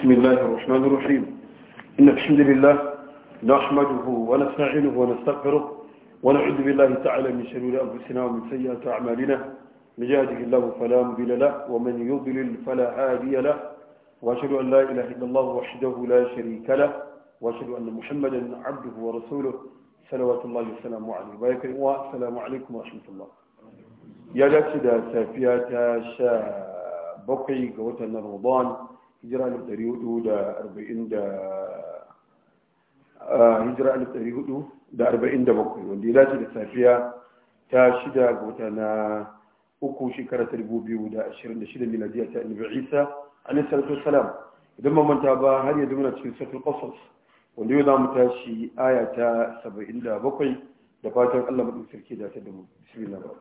بسم الله الرحمن الرحيم إن الحمد لله نحمده ونستعينه ونستغفره ونعوذ بالله تعالى من شرور أنفسنا ومن سيئات أعمالنا من يهده الله فلا مضل له ومن يضلل فلا هادي له وأشهد أن لا إله إلا الله وحده لا شريك له وأشهد أن محمدا عبده ورسوله صلوات الله وسلامه عليه وبركاته والسلام عليكم ورحمة الله يا جاتي da safiya شا بقي قوتنا رمضان hijira alif ɗari hudu da arba'in da hijira alif ɗari hudu da arba'in da bakwai wanda ya dace da safiya ta shida ga wata na uku shekara ta dubu biyu da ashirin da shida miladiya ta annabi isa alaihi salatu salam idan ba manta ba har yanzu muna cikin suratul qasas wanda yau za mu tashi aya ta saba'in da bakwai da fatan allah maɗauki sarki da ta da mu bismillah ba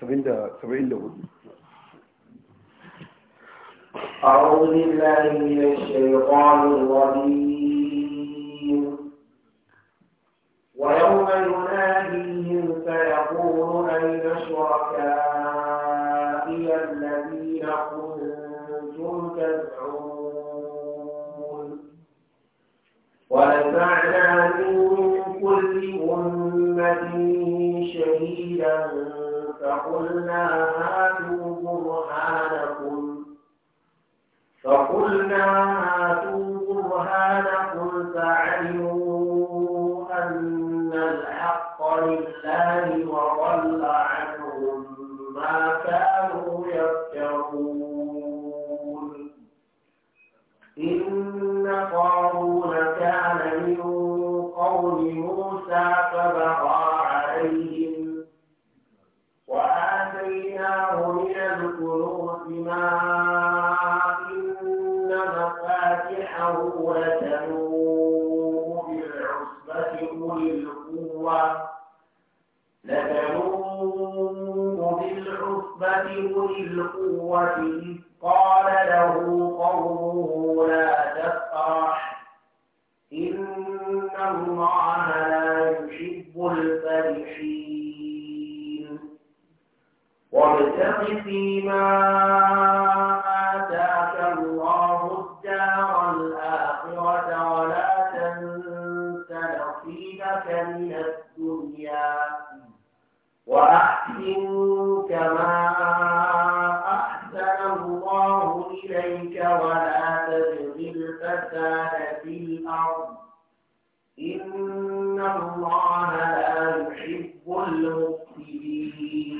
saba'in da hudu أعوذ بالله من الشيطان الرجيم ويوم يناديهم فيقول أين شركائي الذين كنتم تدعون ونزعنا من كل أمة شهيدا فقلنا هاتوا فقلنا هاتوا برهانكم فعلموا أن الحق لله وضل عنهم ما كانوا يفترون إن قارون كان من قوم موسى وتنوء بالعصبة أولي القوة لتنوء بالعصبة أولي القوة إذ قال له قومه لا تفرح إن الله لا يحب الفرحين وابتغ فيما آتاك الله الدار الآخرة من الدنيا وأحسن كما أحسن الله إليك ولا تبغ الفساد في الأرض إن الله لا يحب المفسدين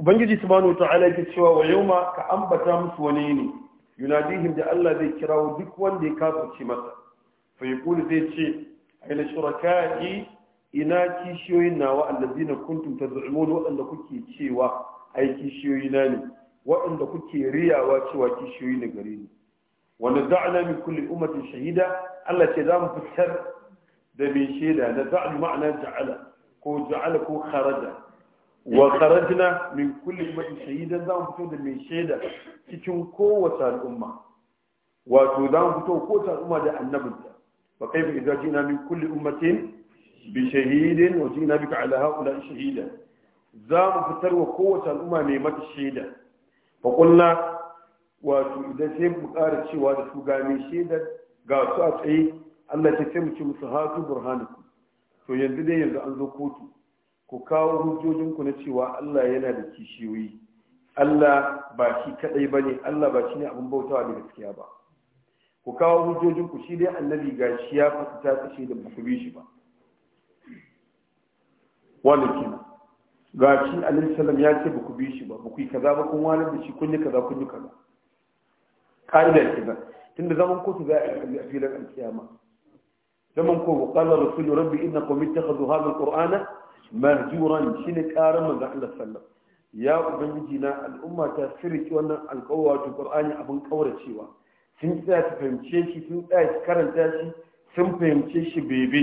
Ubangiji subhanahu ta'ala yake cewa wa yauma ka ambata musu wani ne yunadihim da Allah zai kirawo duk wanda ya kafirce masa fa yaqulu zai ce ila shuraka'i ina kishiyoyin nawa allazina kuntum taz'umun waɗanda kuke cewa ai kishiyoyi na ne waɗanda kuke riyawa cewa kishiyoyi ne gare ni wanda da'ana min kulli ummatin shahida Allah ce za mu fitar da mai shaida da za'al ma'ana ja'ala ko ja'ala ko kharaja wa kharajna min kulli ummatin shahida za mu fito da mai shaida cikin kowace al'umma wato za mu fito ta al'umma da annabinta wa kaifa idza min kulli ummatin bi shahidin wa jina bika ala haula shahida za mu fitar wa kowace al'umma mai mata shaida fa qulna wato idan sai mu ƙara cewa da su ga mai ga su a tsaye Allah ta sai mu ce musu hatu burhanakum to yanzu dai yanzu an zo kotu ku kawo hujjojinku na cewa Allah yana da kishiyoyi Allah ba shi kadai bane Allah ba shi ne abin bautawa da gaskiya ba ku kawo hujjojin ku shi dai annabi ga shi ya fasu ta kashe da ku bi shi ba walakin gashi alaihi salam ya ce ba ku bi shi ba ba ku yi kaza ba kun wani da shi kun yi kaza kun yi kaza ka'ida ke nan tunda zaman kotu za a yi a filin alkiyama zaman ko wa qala rasulu rabbi inna qawmi ittakhadhu hadha alqur'ana mahjuran ne karan manzo Allah sallallahu ya ubangiji na al'umma ta firki wannan alƙawatu ƙur'ani abin cewa. sun tsaya su fahimce shi sun tsaya su karanta shi sun fahimce shi bebe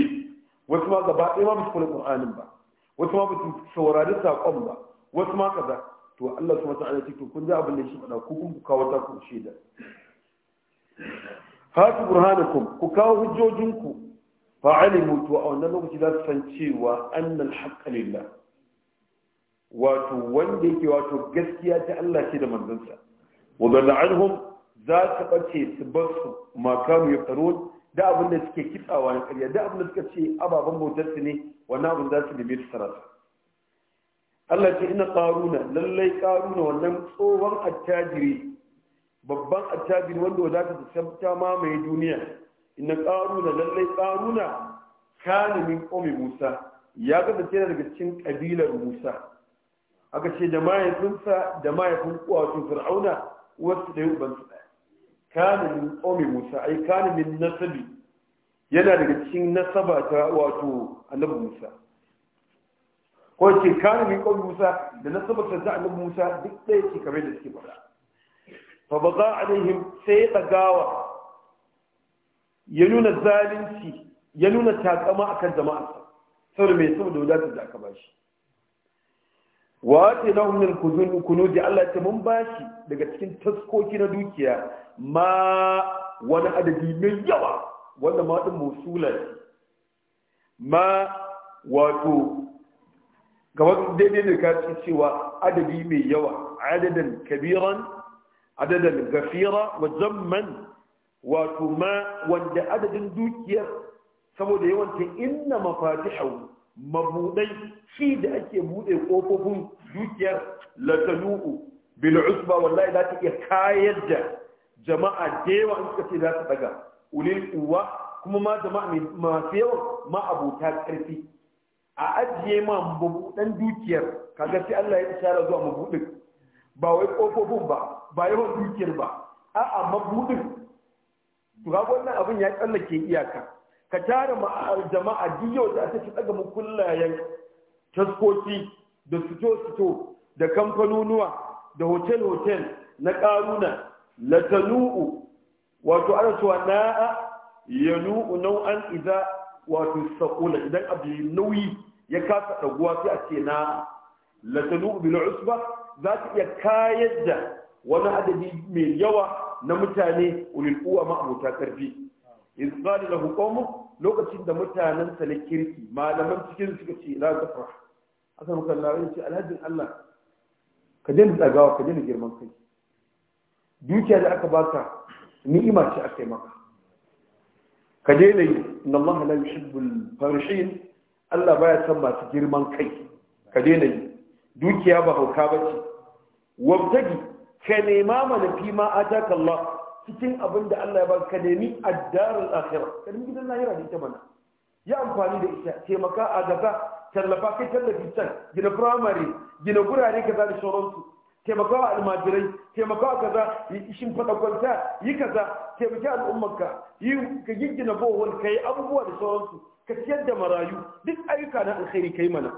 wasu ma gaba ɗaya ma ba su kula ƙur'anin ba wasu ma ba su saurari saƙon ba wasu ma kaza to Allah subhanahu wa ta'ala ce kun ji abin da shi faɗa ku kun kawo ta ku shaida hatu burhanakum ku kawo hujjojinku fa alimu to a wannan lokaci za su san cewa annal haqqa lillah wato wanda yake wato gaskiya ta Allah ce da manzansa wa dalla anhum za su ɓace su bar su makamu ya faro da abin da suke kitsawa na ƙarya da abin da suka ce ababen bautar su ne wannan abin za su nemi su sarasa Allah ce ina ƙaruna lallai ƙaruna wannan tsohon attajiri babban attajiri wanda wadata ta ma mamaye duniya ina ƙaruna lallai ƙaruna kalimin ƙomi musa ya kasance ce daga cikin ƙabilar musa aka ce da mahaifinsa da mahaifin kuwa fir'auna wasu da yi ubansu kana Omi musa ai kana min nasabi yana daga cikin nasaba ta wato annabi musa ko ce kana min qawmi musa da nasaba ta annabi musa duk ɗaya ce kamar da suke fara fa a alaihim sai dagawa ya nuna zalunci ya nuna takama akan jama'a saboda mai saboda wadatar da aka bashi wa ta lahum min kunuz Allah ta mun bashi daga cikin taskoki na dukiya ma wani adadi mai yawa wanda ma ɗin musula ma wato gaban daidai da ka cewa adadi mai yawa adadin kabiran adadin gafira wa wato ma wanda adadin dukiyar saboda yawanta inna mafatihahu mabudai shi da ake bude kofofin dukiyar latanu'u bil'usba wallahi za ta iya kayar da jama'a da yawa in suka ce za su daga ulil uwa kuma ma jama'a masu yawan ma abota karfi a ajiye ma dan dukiyar kaga sai Allah ya isharar zuwa mabudin ba wai kofofin ba ba yawa dukiyar ba a'a mabudin to ga wannan abin ya tsallake iyaka ka tara ma jama'a duk da ta daga mukullayen kullayen taskoki da suto suto da kamfanonuwa da hotel hotel na karuna latanu'u wato ana cewa na'a yanu'u nau'an idza wato saqula idan abu nauyi ya kasa daguwa sai a ce na latanu'u bil usba za ta iya kayar da wani adadi mai yawa na mutane ulil uwa ma'abuta karfi iz qala lahu qawmu lokacin da mutanen sa na kirki malaman cikin suka ce la gafara asan kallawa ya ce alhajin Allah ka daina tsagawa ka daina girman kai dukiya da aka baka ni'ima ce aka yi maka ka daina yi inna Allah la yuhibbul farishin Allah baya san masu girman kai ka daina yi dukiya ba hauka bace wabtagi ka nema mana fi ma ataka Allah cikin abin da Allah ya baka ka nemi addarul akhirah ka nemi gidan lahira da ita mana ya amfani da ita taimaka a gaba tallafa kai tallafi can gina firamare gina gurare kaza da sauransu taimakawa almajirai taimakawa kaza shin fada kwanta yi kaza taimaki al'ummarka yi ka gingina bohol ka yi abubuwa da sauransu ka ciyar da marayu duk ayyuka na alkhairi kai mana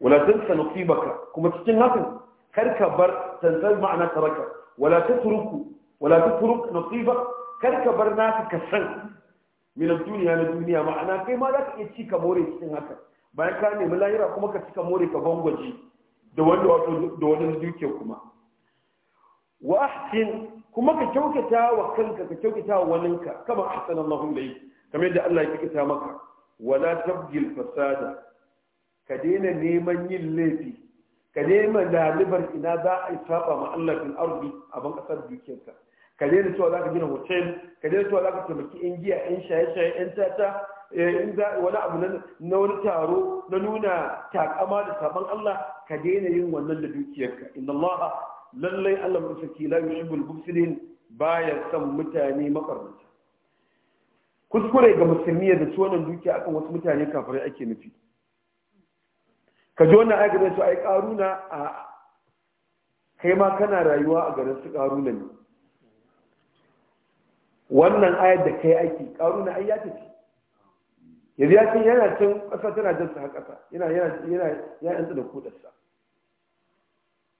wala tansa nasibaka kuma cikin hakan kar ka bar tansan ma'ana taraka wala tatruku wala tatruk nasibak kar ka bar naka ka san min duniya na duniya ma'ana kai ma za ka iya ci ka more cikin hakan bayan ka nemi lahira kuma ka ci ka more ka bangwaje da wanda wato da wani dukiyar kuma wa ahsin kuma ka kyautata wa kanka ka kyautata wa waninka kama ahsan Allahu kamar yadda Allah ya kyautata maka wala tabgil fasada ka daina neman yin laifi ka daina lalibar ina za a saba ma Allah fil ardi a ban kasar dukiyarka ka daina cewa za ka gina hotel ka daina cewa za ka taimaki yan giya yan shaye-shaye yan tata Eh, in za wani abu na wani taro na nuna takama da saban Allah ka daina yin wannan da dukiyarka inna Allah lallai Allah mai saki la yushibul mufsidin baya san mutane makarnata kuskure ga musulmi da su wannan dukiya akan wasu mutane kafirai ake nufi ka ji wannan ayyukan su ai karuna a kai ma kana rayuwa a garin su karuna ne wannan ayar da kai ake karuna ai ya tafi yanzu ya ce yana can ƙasa tana jan sa haƙasa yana yana ya yanta da kudarsa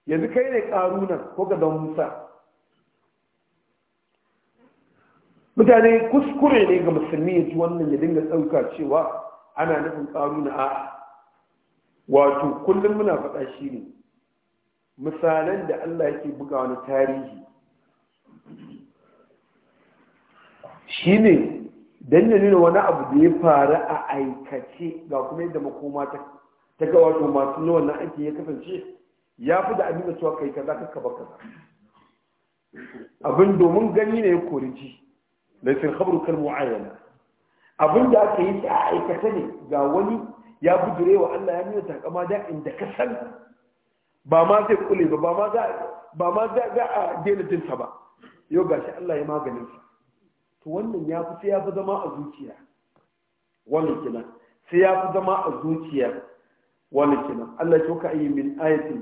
yanzu kai ne ƙarunan ko don musa mutane kuskure ne ga musulmi ya ji wannan ya dinga ɗauka cewa ana nufin ƙaruna a wato kullum muna faɗa shi ne misalan da allah yake buga wani tarihi shi ne dan ne nuna wani abu da ya faru a aikace ga kuma yadda makoma ta ga wato masu na wannan aiki ya kasance ya fi da da cewa kai kaza ka kaba kaza abin domin gani ne ya kori ji laifin khabaru kal mu'ayyana abin da aka yi a aikata ne ga wani ya bujure wa Allah ya nuna takama da inda ka san ba ma zai kule ba ba ma za a daina jinsa ba yau gashi Allah ya maganinsa. to wannan ya fi sai ya fi zama a zuciya wannan kenan sai ya fi zama a zuciya wannan kenan Allah ya ka yi min ayatin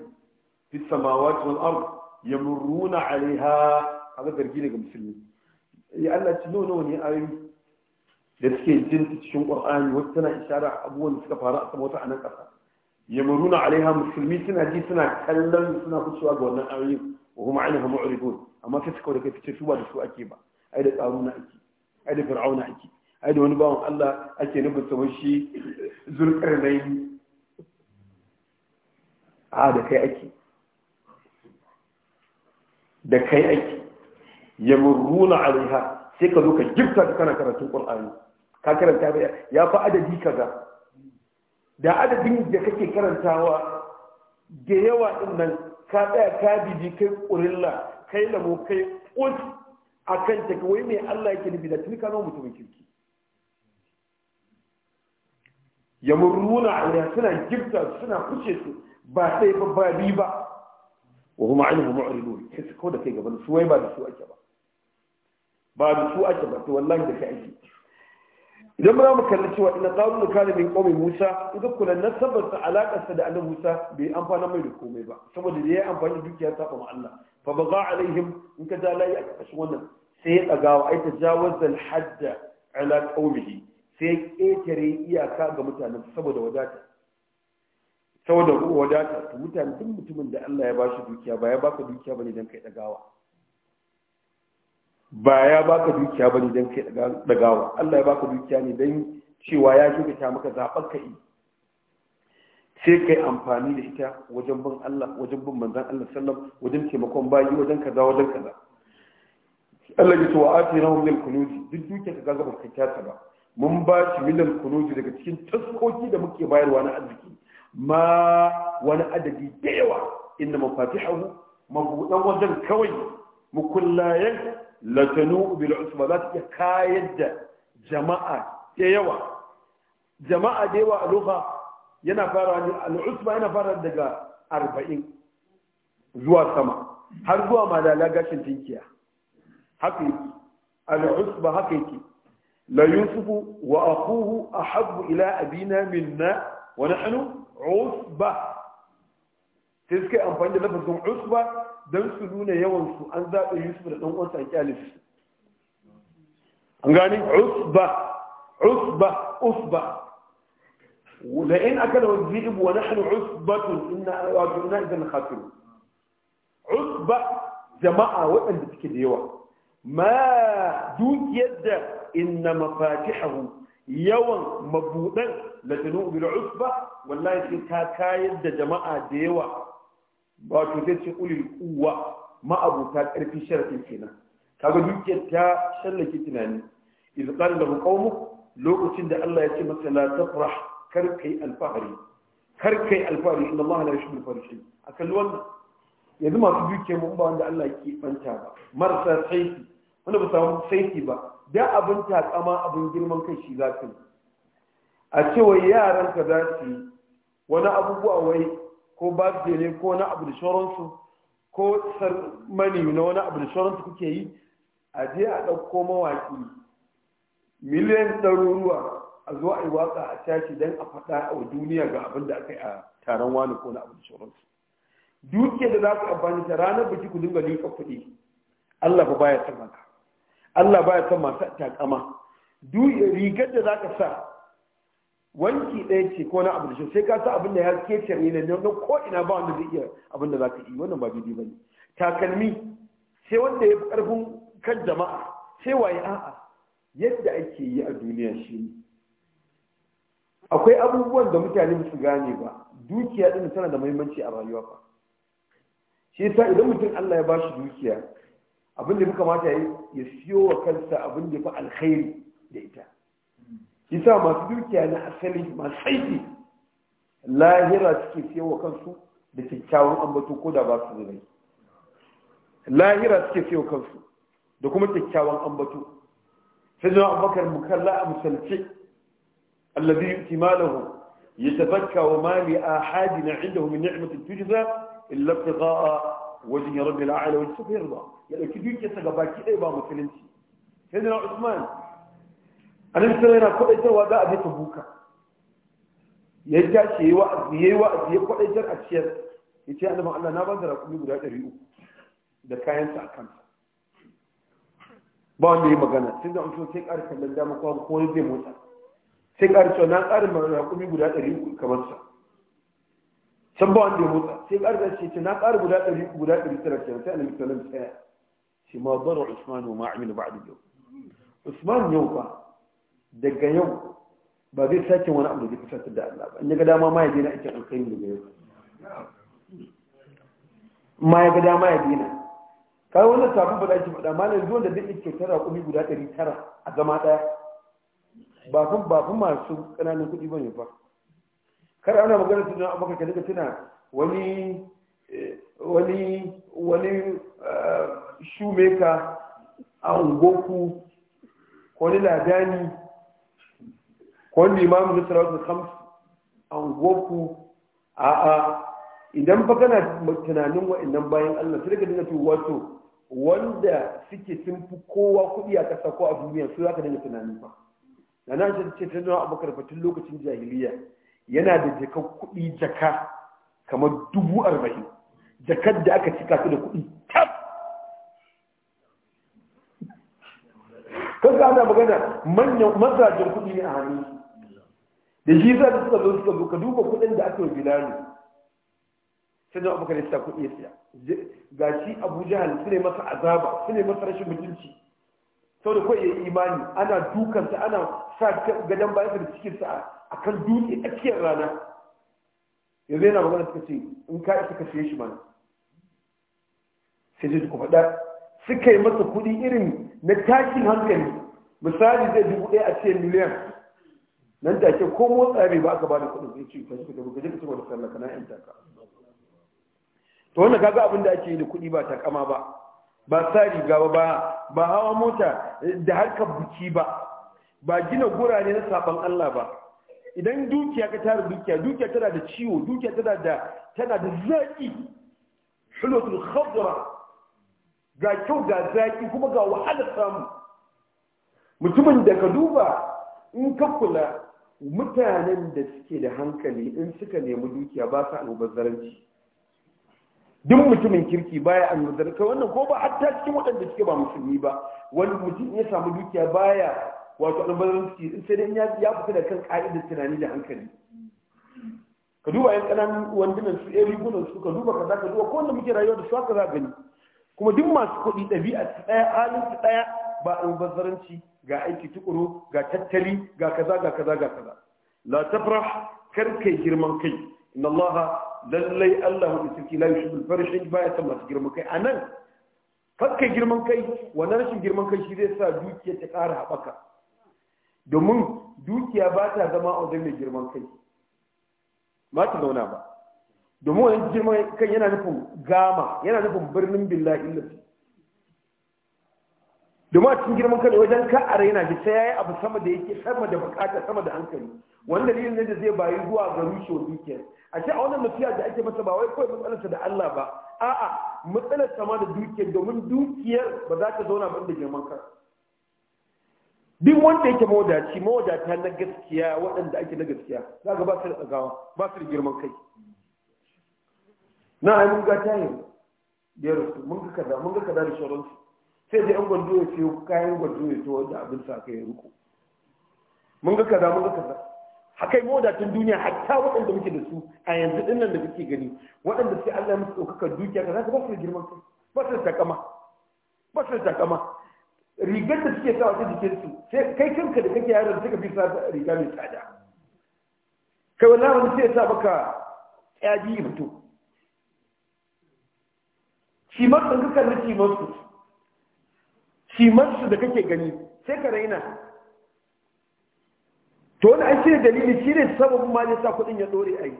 fi samawati wal ard yamurruna alaiha kaga zargi ne ga musulmi eh, ya Allah ci nawa nawa ne ayoyi da suke jin cikin Qur'ani wata tana isharar abubuwan da suka faru a sama wata a nan ƙasa yamuruna alaiha musulmi suna ji suna kallon suna fitowa ga wannan ayoyin wa huma anha mu'ridun amma sai suka da kai fice su ba da su ake ba ai da karuna ake ai da fir'auna ake ai da wani bawan Allah ake nufin sa shi zulkarnain a da kai ake da kai ake yamurruna alaiha sai ka zo ka gifta ka kana karatun qur'ani ka karanta ya fa adadi kaza da adadin da kake karantawa da yawa din nan ka tsaya ka bibi kai ƙurilla kai lamo kai ƙuri. a kan ta kawai mai Allah yake nufi da tuni ka zama mutumin kirki ya murruna alaiha suna gifta suna kushe su ba sai ba ba bi ba wa huma anhu mu'ridun sai su da kai gaban su wai ba da su ake ba ba da su ake ba to wallahi da kai ake idan muna mu kalli cewa ina qarun kana mai qaumi Musa idan kula na sabbata alaƙarsa da annabi Musa bai amfana mai da komai ba saboda da ya amfani da dukiya ta kuma Allah fa baga alaihim in ka ja layi a ƙarƙashin wannan sai ya ɗagawa ai tajawazza al-hadda ala qaumihi sai ya ƙetare iyaka ga mutanen saboda wadata saboda wadata to mutane duk mutumin da Allah ya bashi dukiya ba ya baka dukiya bane dan kai dagawa ba ya baka dukiya bane dan kai dagawa Allah ya baka dukiya ne dan cewa ya shuka maka zaɓar ka yi sai kai amfani da ita wajen bin Allah wajen bin manzon Allah sallam wajen taimakon bayi wajen kaza wajen kaza Allah ya ce wa atinahum min kunuzi duk duke ka ba kai ta ba mun ba shi milan kunuji daga cikin taskoki da muke bayarwa na arziki ma wani adadi da yawa inda mafatihahu mabudan wajen kawai mukullayen latanu bil usba za ta iya kayar da jama'a da yawa jama'a da yawa a yana fara ne yana fara daga arba'in zuwa sama har zuwa malala gashin tinkiya haka al'usba haka yake la yusufu wa akuhu ahabbu ila abina minna wa nahnu usba sai suka amfani da lafazin usba don su nuna yawan su an zaɓe yusuf da ɗan uwansa a kyalif an gani usba usba usba ولئن أكله الذئب ونحن عصبة إنا راجعنا إذا لخاسرون عصبة جماعة وأن تكديوا ما دون يد إن مفاتحه yawan mabuɗan latinu bil usba wallahi sai ta kayar da jama'a da yawa wato zai ce ulil kuwa ma'abuta ƙarfi sharafin kenan kaga dukiyar ta shallake tunani iz qala lokacin da Allah ya ce masa la kar kai alfahari kar kai alfahari ina Allah la A al-farishin akan wannan yanzu masu duke mun ba wanda Allah ke banta ba marasa saiti wanda ba samu saiti ba da abin takama abin girman kai shi za su a cewa yaran ka za su yi wani abubuwa wai ko ba ne ko wani abu da shoransu ko mani na wani abu da shoransu kuke yi a je a ɗauko mawaƙi miliyan ɗaruruwa a zo a yi waka a tashi don a faɗa wa duniya ga abin da aka yi a taron wani ko na abin da su. dukiyar da za ku amfani ta ranar biki ku dinga liƙa kuɗi Allah ba baya son maka. Allah baya son masu takama rigar da za ka sa wanki ɗaya ce ko na abin da sai ka sa abin da ya kece ne na ko ina ba wanda zai iya abin da za ka yi wannan ba daidai ba ne takalmi sai wanda ya fi ƙarfin kan jama'a sai waye a'a yadda ake yi a duniya shi ne akwai abubuwan da mutane su gane ba dukiya din tana da muhimmanci a rayuwa ba. shi yasa idan mutum Allah ya bashi dukiya abin da muka mata ya siyo wa kansa abin da fa alkhairi da ita yasa masu dukiya na asali masu aiki lahira suke siyo wa kansu da kyakkyawan ambato ko da ba su da rai lahira suke siyo kansu da kuma kyakkyawan ambato sai jama'a mu mukalla a misalce allazi yuti malahu yatafakka wa ma li ahadin inda min ni'matin tujza illa ibtigha'a wajhi rabbil a'la wa sawfa yarda ya dauki dukiyarsa ga baki ɗaya ba musulunci sai na Usman annabi sai yana kwadaitarwa za a je Tabuka ya tashi yayi wa'azi yayi wa'azi ya kwadaitar a ciyar yace annabi Allah na ba da rakumi guda 300 da kayan sa akan ba wanda ya magana sai da mutum sai ƙara kallon dama ko zai motsa sai ƙara cewa na ƙara raƙumi guda ɗari kamar sa can ba wanda ya motsa sai ƙara da ce na ƙara guda ɗari guda ɗari tara kenan sai annabi sallallahu alaihi wasallam shi ma dara usman wa ma'amil ba'd yau usman yau fa daga yau ba zai sake wani abu da zai kusantar da Allah ba in ga dama ma ya daina aikin alkhairi daga yau ma ya ga dama ya daina kai wannan sabon ba da ake faɗa malam zuwan da zai kyautar raƙumi guda ɗari tara a zama ɗaya ba fa ba fa masu ƙananan kuɗi bane fa kar ana magana tunan abubakar ka daga tuna wani wani wani eh, shoemaker a ungoku ko ni ladani ko wani limamin na sarautar hamsu a ungoku a a idan ba kana tunanin wa'annan bayan allah sai daga dinga wato wanda suke sun fi kowa kuɗi a ƙasa ko a duniya su za ka dinga tunanin ba da na shi ce tana abubakar fatin lokacin jahiliya yana da jakar kuɗi jaka kamar dubu arba'in jakar da aka cika su da kuɗi tab kan ana magana manyan mazajen kuɗi ne a hannu da shi za su suka zo suka zo ka duba kuɗin da aka yi ne sai da abubakar ya sa kuɗi ya siya ga shi abu jihar su ne masa azaba su ne masa rashin mutunci sau da kawai ya imani ana dukansa ana sa gadon bayan da cikinsa a kan dutse a cikin rana yanzu yana magana suka ce in ka isa ka siye shi mana sai dai ku faɗa suka yi masa kuɗi irin na tashin hankali misali zai dubu ɗaya a cikin miliyan nan da ke ko motsa bai ba aka ba da kuɗin zai ci ka shi ka ka ci wani sallah kana yan taka to wannan kaga abin da ake yi da kuɗi ba ta kama ba ba sa riga ba ba hawa mota da harkar buki ba ba gina gurare na saban Allah ba idan dukiya ka tara dukiya dukiya tana da ciwo dukiya tana da tana da zaki hulutul khadra ga kyau ga zaki kuma ga wahala samu mutumin da ka duba in ka kula mutanen da suke da hankali in suka nemi dukiya ba sa almubazzaranci duk mutumin kirki baya almudarka wannan ko ba hatta cikin waɗanda suke ba musulmi ba wani mutum ya samu dukiya baya wato in sai dai ya fita da kan ka'idar tunani da hankali ka duba yan ƙananan wandunan su ɗaya rigunan su ka duba ka zaka duba ko wanda muke rayuwa da su haka za gani kuma duk masu kuɗi ɗabi'a su ɗaya halin su ɗaya ba an bazaranci ga aiki tukuru ga tattali ga kaza ga kaza ga kaza la tafrah kar girman kai inna lallai Allah da suke la yushibul farshin baya san masu girman kai anan fakka girman kai wannan rashin girman kai shi zai sa dukiya ta kara haɓaka domin dukiya ba ta zama a wajen mai girman kai ba ta zauna ba domin wani girman kai yana nufin gama yana nufin birnin billahi lafi domin a cikin girman kai wajen ka a raina shi sai yayi abu sama da yake sama da bukata sama da hankali wani dalilin ne da zai bayi zuwa ga rushe dukiya a ce a wannan nasiha da ake masa ba wai kawai matsalarsa da Allah ba a'a matsalarsa ma da dukiyar domin dukiyar ba za ta zauna ban da girman kai duk wanda yake mawadaci mawadata na gaskiya waɗanda ake na gaskiya za ga ba su da tsagawa ba su da girman kai na ai mun ga tayin da ya rasu mun ga kaza mun ga kaza da shawararsu sai da yan gwandu ya ce kayan gwandu ya ce wanda abin sa kai ruku mun ga kaza mun ga kaza haka mawadatun duniya hatta waɗanda muke da su a yanzu ɗin nan da muke gani waɗanda sai Allah musu ɗaukakar dukiya ka za ka ba su da girman kai ba su da takama ba su da takama rigar da suke sawa ta jikin su sai kai kanka da kake yaron suka fi sa riga mai tsada kai wani wani sai ya sa maka tsaji ya fito cimar kan kakan na cimar su cimarsu da kake gani sai ka raina to wani an shirya dalili shi ne sababin ma sa kudin ya dore a yi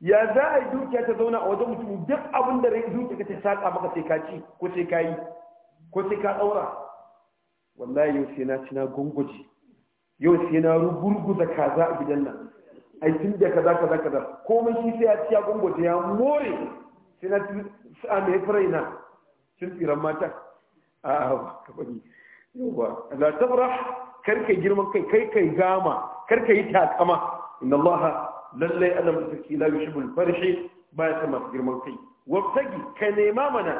ya za a yi dukiya ta zauna a wajen mutum duk abin da dukiya ka ta saƙa maka sai ka ci ko sai ka yi ko sai ka ɗaura wallahi yau sai na ci na yau sai na da kaza a gidan nan ai tun da kaza kaza kaza komai shi sai ya ci ya ya more sai na ci a mai furaina cin tsiran mata a ba ka bari yawa la tafrah karka girman kai kai kai gama karka yi takama inna Allah lallai ana mutsaki la yushibul farhi ba ya sama girman kai wabtagi ka nema mana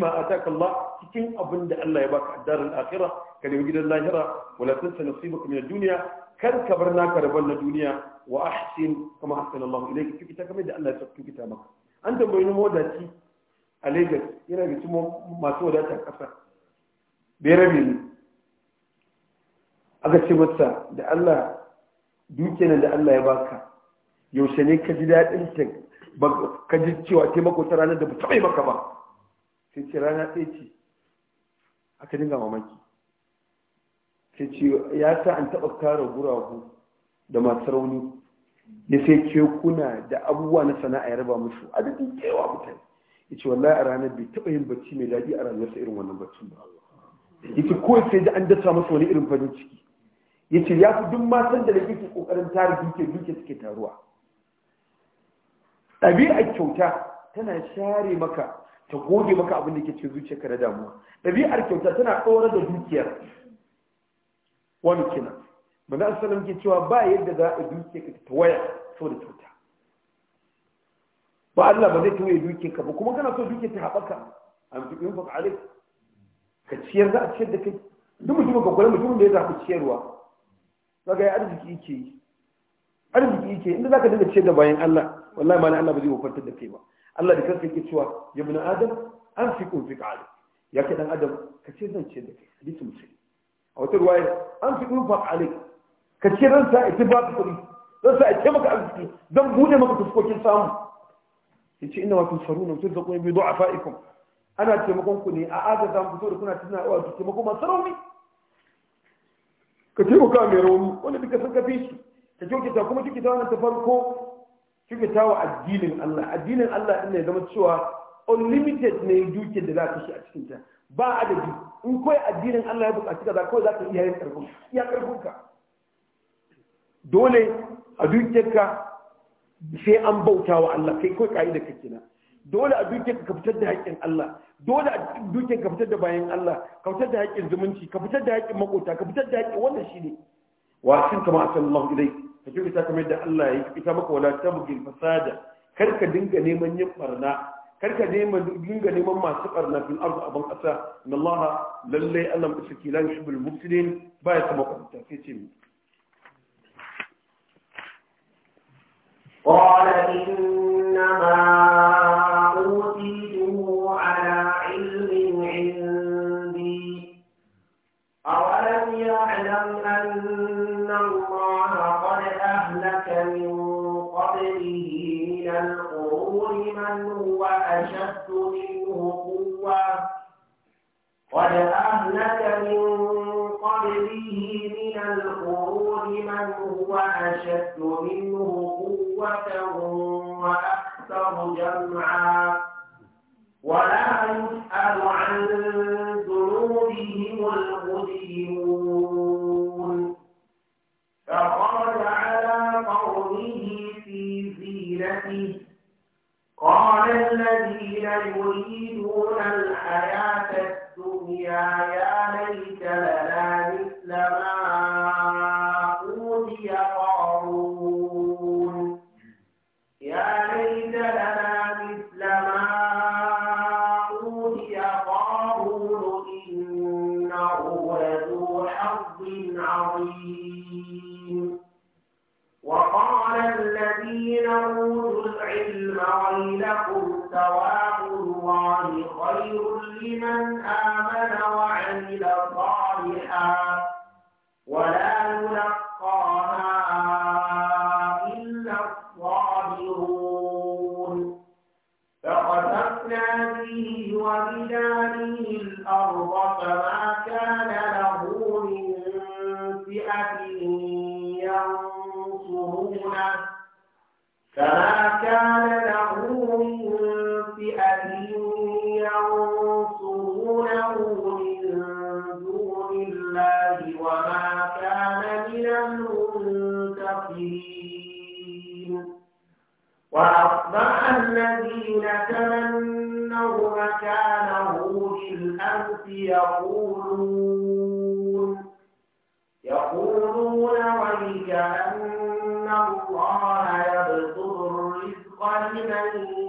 ma ataka Allah cikin abin da Allah ya baka addarin akhirah ka nemi gidan lahira wala tansa nasibaka min ad-dunya kar ka bar naka rabon na duniya wa ahsin kama hasana Allah ilayka kibita kama da Allah ya kibita maka an tambayi mu wadaci a Lagos yana da masu wadata a ƙasa bai rabe aka ce masa da Allah dukiyar da Allah ya baka yaushe ne ka ji daɗin cin ka ji cewa taimako ta ranar da ba taɓa maka ba sai ce rana ɗaya ce aka dinga mamaki sai ce ya sa an taɓa kara guragu da masu rauni ya sai kuna da abubuwa na sana'a ya raba musu a duk cewa mutane ya ce wallahi a ranar bai taɓa yin bacci mai daɗi a ranar sa irin wannan baccin ba yake kawai sai da an dasa masa wani irin farin ciki ya ce ya fi duk matan da nake ke kokarin tara duke duke suke taruwa ɗabi'a kyauta tana share maka ta goge maka abin da ke ce zuciya na damuwa ɗabi'ar kyauta tana ɗora da dukiyar wani kenan manzo sallam ke cewa ba yadda za a ka ta waya saboda kyauta ba Allah ba zai tawaye ka ba kuma kana so dukiyar ta haɓaka a fi yin fa ka ciyar za a ciyar da kai duk mutumin ka kula mutumin da ya zafi ciyarwa zaga ya arziki yake yi arziki yake inda za ka dinga ciyar da bayan Allah wallahi ma na Allah ba zai wafartar da kai ba Allah da kansa yake cewa ya bin adam an fi kun fi ƙalu ya kai ɗan adam ka ce zan ciyar da kai hadisi musulmi a wata ruwaya an fi kun fa ƙalu ka ce zan sa ita ba ka kuɗi zan sa ita maka arziki zan bude maka fuskokin samu yace inna wa tusaruna tudzuquna bi du'afaikum ana taimakon ku ne a za mu da kuna tana wa taimako masu rauni ka ka mai rauni wanda duka sun kafi su ka kyautata kuma kika wannan ta farko ta wa addinin Allah addinin Allah ne zama cewa unlimited ne duke da za ka shi a cikin ta ba adadi in kawai addinin Allah ya buƙaci ka kawai za ka iya yin karfin iya karfin ka dole a ka sai an bauta wa Allah kai kai da kake na dole a dukiyar ka fitar da haƙƙin Allah dole a dukiyar ka fitar da bayan Allah ka fitar da haƙƙin zumunci ka fitar da haƙƙin makota ka fitar da haƙƙin wannan shine wa sun kama sallallahu ilai ka ji ta kamar da Allah ya ita maka wala tabgil fasada kar ka dinga neman yin barna kar ka dinga neman masu barna fil ardu aban ƙasa inna Allah lalle Allah musaki la yuhibbul mufsidin ba ya kuma kwanta sai ce mu قال إنما worship وأصبح الذين تمنوا مكانه بالأمس يقولون يقولون ويك أن الله يبصر الرزق لمن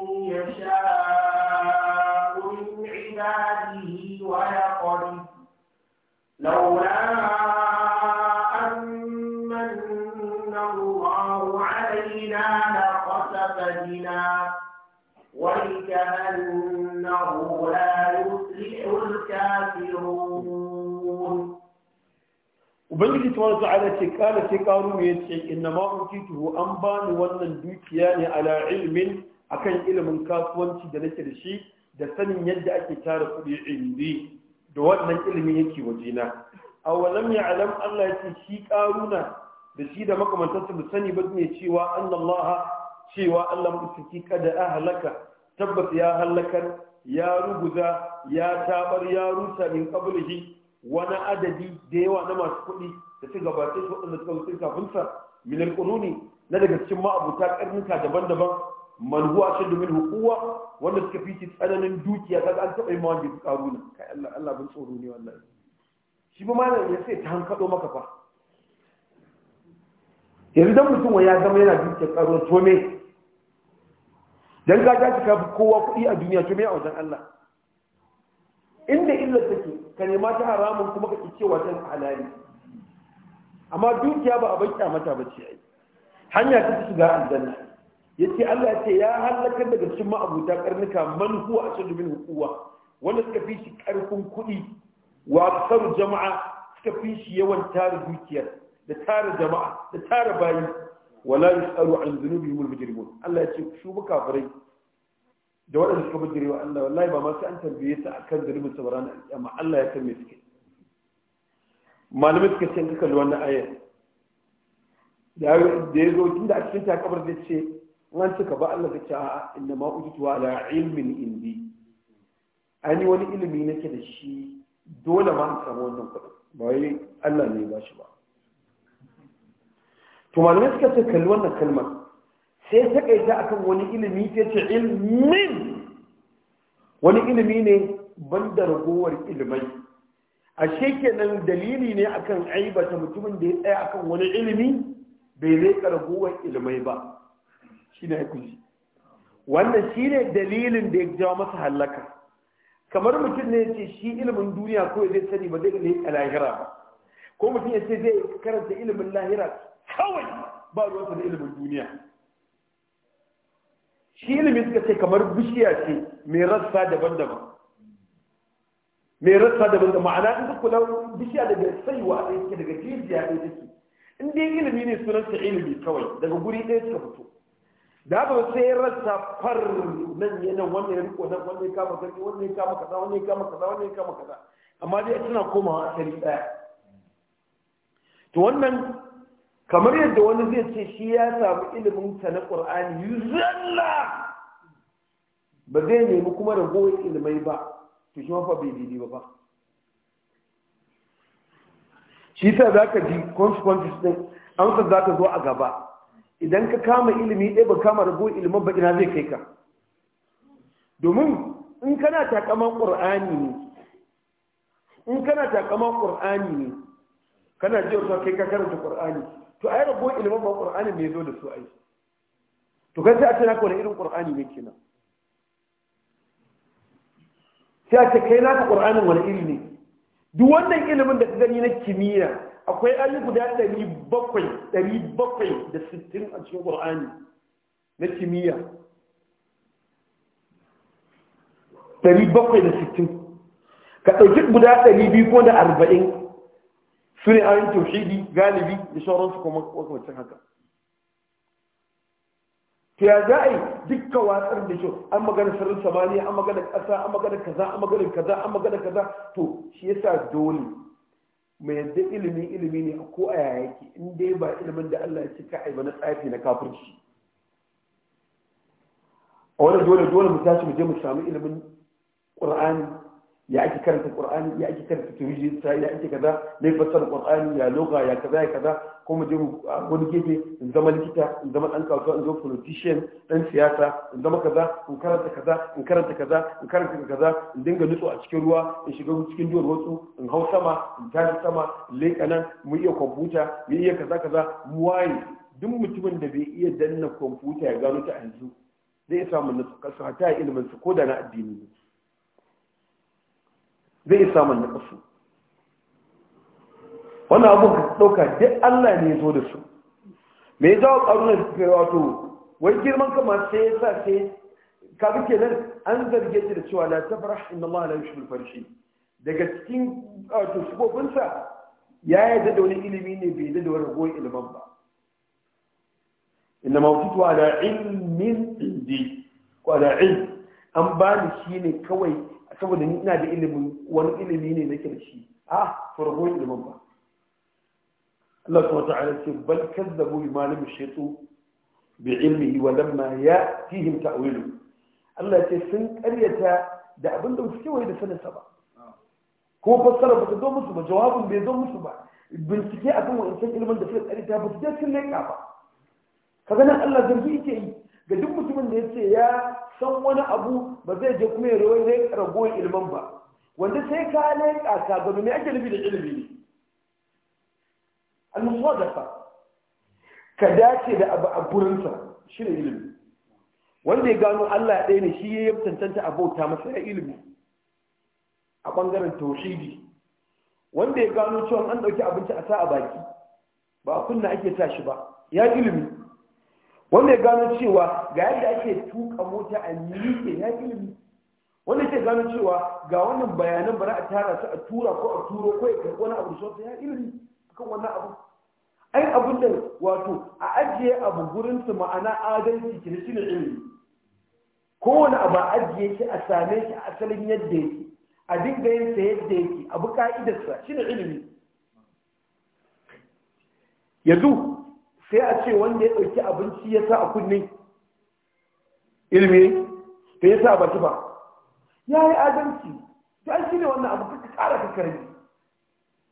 ubangiji ta wani ta'ala ce kala sai karu ya ce inna ma utituhu an bani wannan dukiya ne ala ilmin akan ilimin kasuwanci da nake da shi da sanin yadda ake tara kuɗi indi da wannan ilimin yake na awalam ya alam Allah ya ce shi karuna da shi da makamantarsa da sani ba ne cewa annallaha cewa Allah mutsiki kada ahlaka tabbas ya halakar ya ruguza ya tabar ya rusa min qablihi wani adadi da yawa na masu kuɗi da su gabace shi waɗanda suka wuce kafin sa milal na daga cikin ma'abuta karnuka daban-daban man huwa ashaddu minhu wanda suka fi shi tsananin dukiya ta an taɓa yi ma wanda ya karu na kai Allah Allah bin tsoro ne wallahi shi ba malam ya sai ta hankado maka fa yanzu dan mutum ya zama yana dukiyar karuwa to me dan ka ka fi kowa kuɗi a duniya to me a wajen Allah inda illa take ka nema ta haramun kuma ka ce wajen halali amma dukiya ba a bai mata ba ce ai hanya ta shiga aljanna yace Allah ya ce ya halakar daga cikin ma'abuta karnuka man huwa ashadu min quwwa wanda suka fi shi karfin kuɗi wa saru jama'a suka fi shi yawan tara dukiyar da tara jama'a da tara bayi wala yusalu an dhunubihim al Allah ya ce su kafirai da waɗanda suka bujire wa Allah wallahi ba ma sai an tambaye su akan zulmin su ranar alƙiyama Allah ya san me suke Malamin suka ce in ka kalli wannan ayar da ya zo tun da a cikin takabar da ce an cika ba Allah ta ce a'a inna ma ujitu ala ilmin indi ani wani ilimi nake da shi dole ma an samu wannan kuɗi, ba wai Allah ne ba shi ba to malamin suka ce kalli wannan kalmar sai takaita kaita akan wani ilimi ta ce ilmin wani ilimi ne ban da ragowar ilimai ashe kenan dalili ne akan aibata mutumin da ya tsaya akan wani ilimi bai rika ragowar ilimai ba shine ya kuji wannan ne dalilin da ya jawo masa hallaka kamar mutum ne ya ce shi ilimin duniya ko zai sani ba zai iya lahira ba ko mutum ya ce zai karanta ilimin lahira kawai ba ruwansa da ilimin duniya shi ilimi suka ce kamar bishiya ce mai rassa daban-daban mai rassa daban-daban ma'ana in kula bishiya daga saiwa ɗaya take daga jijiya ɗaya take in dai ilimi ne sunan ta ilimi kawai daga guri ɗaya suka fito da haka sai rassa far nan ya wannan riko nan wannan ya kama sarki wannan ya kama kaza wannan ya kama kaza wannan ya kama kaza amma dai suna komawa asali ɗaya to wannan kamar yadda wani zai ce shi ya samu ilimin ta na ƙur'ani zalla ba zai nemi kuma ragowar ilimai ba to shi mafa bai daidai ba ba shi ta za ka ji consequences ɗin amsa za ka zo a gaba idan ka kama ilimi ɗaya ba kama ragowar ilimin ba ina zai kai ka domin in kana takaman ƙur'ani ne in kana takaman ƙur'ani ne kana jiya kai ka karanta ƙur'ani to ai rabo ilimin ba qur'ani me zo da su ai to kan sai a ce na ko irin qur'ani ne kenan sai a ce kai na ka qur'anin wani iri ne duk wannan ilimin da ka gani na kimiyya akwai ayi guda 700 760 a cikin qur'ani na kimiyya 760 ka ɗauki guda 240 su ne ayoyin tauhidi galibi da sauransu kuma makamacin haka ta ya za a yi dukkan watsar da shi an magana sarar samaniya an magana ƙasa an magana kaza an magana kaza an magana kaza to shi yasa dole mai yadda ilimin ilimi ne ko a yaya yake in dai ba ilimin da Allah ya ce ka aiba na tsafi na kafirci a wani dole dole mu tashi mu je mu samu ilimin ƙur'ani ya ake karanta qur'ani ya ake karanta tawhid ya ake kaza ne fassar ya lugha ya kaza ya kaza kuma mu je wani gefe in zama likita in zama ɗan kasuwa in zama politician ɗan siyasa in zama kaza in karanta kaza in karanta kaza in karanta kaza in dinga nutsu a cikin ruwa in shiga cikin duwar wasu in hau sama in tashi sama in leƙa nan mu iya kwamfuta mu iya kaza kaza mu waye duk mutumin da bai iya danna kwamfuta ya gano ta a yanzu zai samu nasu kasu ta ilimin su ko da na addini ne zai iya samun na ƙasu wannan abin ka ɗauka duk allah ne ya zo da su mai jawo ƙarunan suka wato wai girman kama sai ya sa sai kafin ke nan an zarge shi da cewa la tabar inna allah la yushul farshi daga cikin wato shugobinsa ya yarda da wani ilimi ne bai yarda da wani ragowar ilimin ba inna mawtitu ala ilmin indi ko ala ilm an bani ne kawai saboda ina da ilimi wani ilimi ne nake da shi a farko ilimin ba Allah subhanahu wa ta'ala ce bal kazzabu bi malam shaytu bi ilmihi wa lamma ya'tihim ta'wilu Allah ce sun karyata da abin da suke wai da sanin sa ba ko fassara ba ta zo musu ba jawabin bai zo musu ba bincike akan wa'ancan ilimin da suka karyata ba su je sun leƙa ba kaga nan Allah zargi yake yi ga duk mutumin da ya ce ya san wani abu ba zai je kuma ya rawai ragowar ilman ba wanda sai ka leƙa ka gano me ake nufi da ilimi ne An musadafa ka dace da abu a gurinsa shi ne ilimi wanda ya gano Allah ɗaya ne shi ya yi tantanta a bauta masa ya ilimi a ɓangaren tauhidi wanda ya gano cewa an ɗauki abinci a sa a baki ba a kunna ake sa shi ba ya ilimi wanda ya gano cewa ga yadda ake tuka mota a miƙe ya ilimi wanda ke gano cewa ga wannan bayanan bari a tara su a tura ko a turo ko ya karɓi wani abu da ya ilimi kan wannan abu ai abin da wato a ajiye abu gurin su ma'ana adalci ke shi ne ilimi kowane abu a ajiye shi a same shi a asalin yadda yake a dinga yin sa yadda yake abu ka'idarsa shi ne ilimi yanzu sai a ce wanda ya ɗauki abinci ya sa a kunne ilimi da ya sa a baki ba ya yi adalci ta shi ne wannan abu ka ƙara kaka rage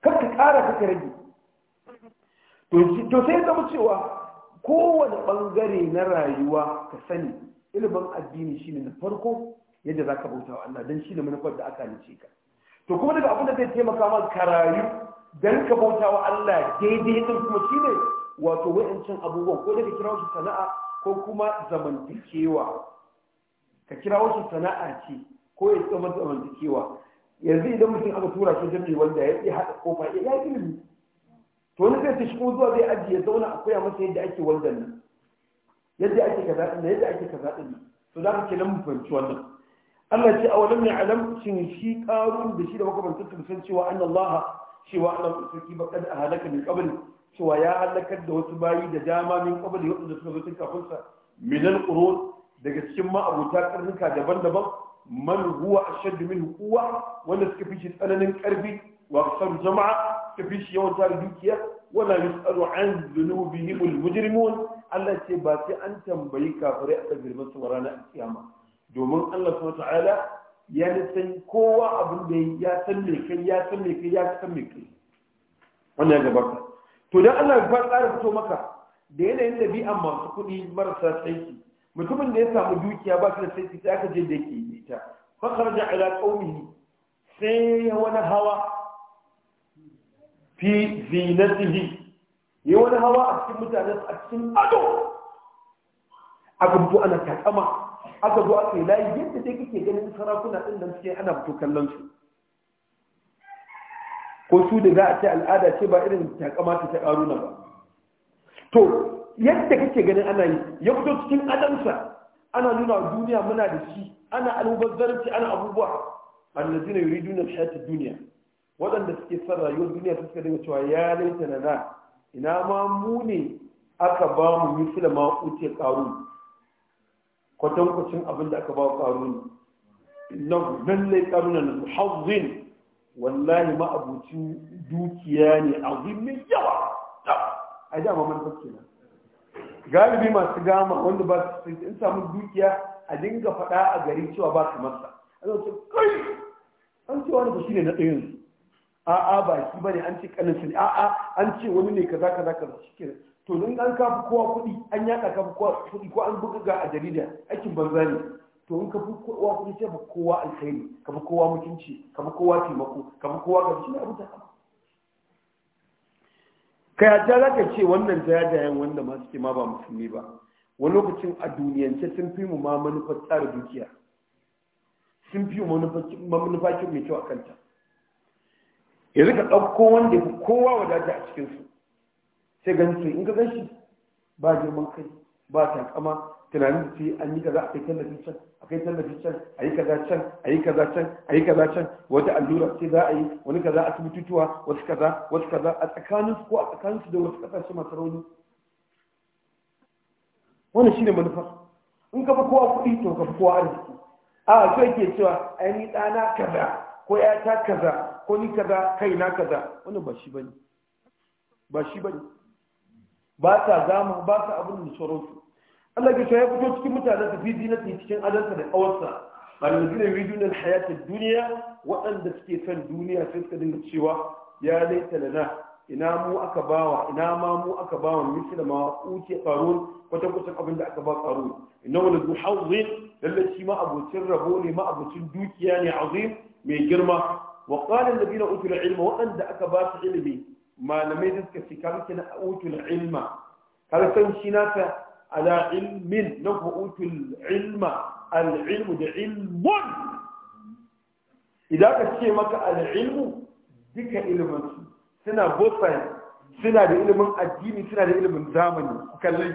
ka ƙara ka rage to sai zama cewa kowane ɓangare na rayuwa ka sani ilimin addini shine na farko yadda za ka bauta wa Allah don shi ne manufar da aka halice ka to kuma daga abin da zai taimaka maka ka rayu don ka bauta wa Allah daidai din kuma shine wato wa'ancin abubuwan ko da ka kira wasu sana'a ko kuma zamantakewa ka kira wasu sana'a ce ko ya zama zamantakewa yanzu idan mutum aka tura shi jami'i wanda ya iya haɗa kofa ya yi ilimi to wani zai tashi zuwa zai ajiye zauna a koya masa yadda ake wanzan nan yadda ake kaza ɗin yadda ake kaza ɗin to za ka kenan mu fahimci wannan Allah ce a wani mai alam shin shi ƙarun da shi da makamantar sun cewa an Allah cewa Allah sarki ba kada a halaka min qabl cewa ya halakar da wasu bayi da dama min kabali waɗanda suka zo tun kafin sa minal daga cikin ma'abuta karnuka daban-daban man huwa ashadd min huwa wanda suka fi shi tsananin karfi wa jama'a suka fi shi yawan tare dukiya wala yus'alu an dhunubihim al Allah ce ba sai an tambayi kafirai a tsagirman su ranar kiyama domin Allah subhanahu ta'ala ya san kowa abin da ya san me kai ya san me kai ya san me kai wannan ya gabata to dan Allah ya ƙara fito maka da yanayin da ɗabi'an masu kuɗi marasa tsaiki mutumin da ya samu dukiya ba su da tsaiki sai aka je da ke yi ta fakar da ala ƙaunihi sai ya wani hawa fi zinatihi ya wani hawa a cikin mutanen a cikin ado aka fito ana takama aka zo aka yi layi yadda dai kake ganin sarakuna ɗin nan sai ana fito kallon su ko su da za a ce al'ada ce ba irin ta kamata ta karuna ba to yadda kake ganin ana yi ya fito cikin adamsa ana nuna duniya muna da shi ana albazzarci ana abubuwa allazina yuriduna shati duniya waɗanda suke son rayuwar duniya suka dinga cewa ya laita na na ina ma mu ne aka ba mu misila ma uce ƙaru kwatankwacin abin da aka ba ƙaru ne na lallai ƙaru na hazin wallahi ma'abucin dukiya ne a zimmin yawa a ji a mamman ke nan galibi masu gama wanda ba su in samu dukiya a dinga faɗa a gari cewa ba su masa a zai kai an ce wani ba shi ne na ɗayan su a'a ba shi ba ne an ce kanin su ne a'a an ce wani ne kaza kaza kaza shi ke to don an kafa kowa kuɗi an yaɗa kafa kowa kuɗi ko an buga a jarida aikin banza ne to in ka fi kowa kuma sai ka kowa alkhairi ka fi kowa mutunci ka fi kowa taimako ka fi kowa gamshi ne abin da ka yata za ka ce wannan jajayen wanda masu ke ma ba musulmi ba wani lokacin a duniyance sun fi mu ma manufar tsara dukiya sun fi mu kin mai kyau a kanta yanzu ka ɗauko wanda ya fi kowa wadata a cikinsu sai gan su in ka gan shi ba girman kai ba takama tunanin da ce an yi kaza a kai tallafi can a kai tallafi can a yi kaza can a yi kaza can a yi kaza can wata allura ce za a yi wani kaza tutuwa wasu kaza wasu kaza a tsakanin su ko a tsakanin su da wasu kasashe masu rauni shi shine manufa. in ka fi kowa kuɗi to ka fi kowa arziki a so yake cewa a ni ɗana kaza ko ta kaza ko ni kaza kai na kaza Wani ba shi ba ne, ba shi ba ne. ba ta zama, ba ta abin da sauransu Allah ya ya fito cikin mutanen da bizi na cikin adansa da kawarsa malamin da yi dunan hayatar duniya waɗanda suke son duniya sai suka dinga cewa ya laita lana ina mu aka bawa ina ma mu aka bawa misli da uke qarun kwata kwata abin da aka ba qarun ina wala du hazin lalle ma abocin rabo ne ma abocin dukiya ne azim mai girma wa qala alladhina utul ilma waɗanda aka ba su ilimi malamai da suka ce kaga kina utul ilma kaga san shi ala ilmin na ku'utul ilma al'ilmu da ilmun idan ka ce maka al'ilmu duka ilimin suna both suna da ilimin addini suna da ilimin zamani kallai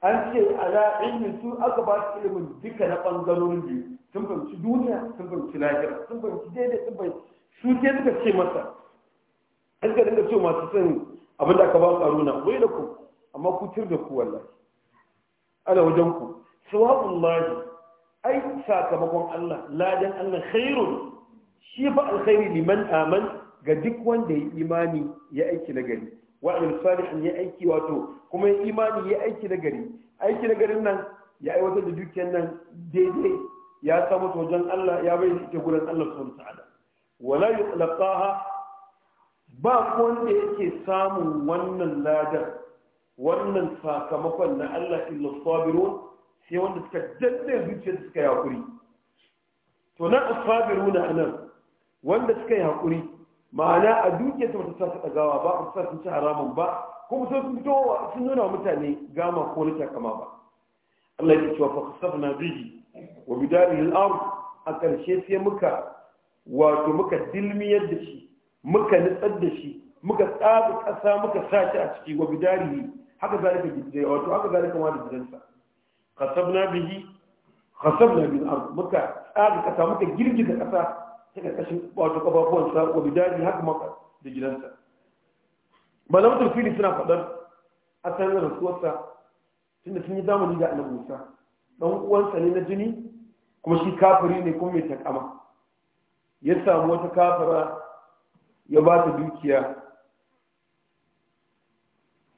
an ce ala ilmin aka ba su ilimin duka na ɓangarorin biyu sun fahimci duniya sun fahimci lahira sun fahimci daidai sun fahimci su ke suka ce masa an ka dinga ce masu son abin da aka ba su aruna wai da ku amma ku tir da ku wallahi ala wajenku sawabun lahi ai sakamakon Allah ladan Allah khairun shi fa alkhairi liman aman ga duk wanda ya imani ya aiki nagari wa amil salihin ya aiki wato kuma ya imani ya aiki nagari aiki nagarin nan ya aiwatar da dukiyar nan daidai ya samu wajen Allah ya bai da ita gurin Allah subhanahu ta'ala wala yuqlaqaha ba wanda yake samun wannan ladan wannan sakamakon na Allah illa sabirun sai wanda suka danne zuciyar suka yi hakuri to na asabiru na anan wanda suka yi hakuri ma'ana a dukiyar ta ta su dagawa ba a sa sun ci haramun ba kuma sun fito sun nuna wa mutane gama ko na takama ba Allah ya ce wa fa khasafna bihi wa bidarihi al a ƙarshe sai muka wato muka dilmiyar da shi muka nutsar da shi muka tsaga ƙasa muka sa shi a ciki wa bidarihi haka zalika gidje wato haka zalika ma da gidansa khasabna bihi khasabna bil ard muka tsaga kasa muka girgiza kasa ta karkashin wato kafafuwan sa wa bidani haka maka da gidansa malamtar fili suna faɗar asalin rasuwarsa tunda sun yi zamani da annabi Musa dan uwansa ne na jini kuma shi kafiri ne kuma mai takama ya samu wata kafara ya ba ta dukiya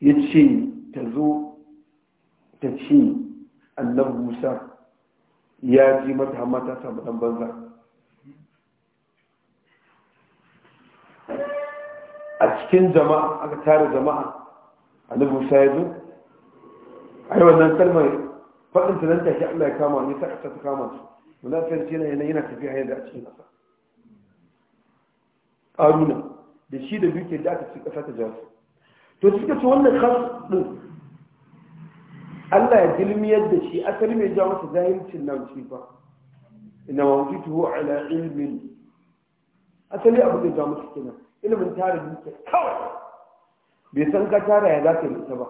ya ce ta zo ta ce annan musa ya ji mata mata samu ɗan banza a cikin jama'a aka tara jama'a annabi musa ya zo a yi wannan kalmar faɗin ta nan allah ya kama ne ta ƙasa ta kama su muna fiyar ce yana yana tafiya yadda a cikin ƙasa ƙaruna da shi da duke da aka ci ƙasa ta jasu to suka ce wannan khas din Allah ya dilmiyar da shi asali mai ja masa zahircin nan shi ba ina wajituhu ala ilmin asali abu da ja masa kenan ilimin tara dukiya kawai bai san ka tara ya za ka yi ba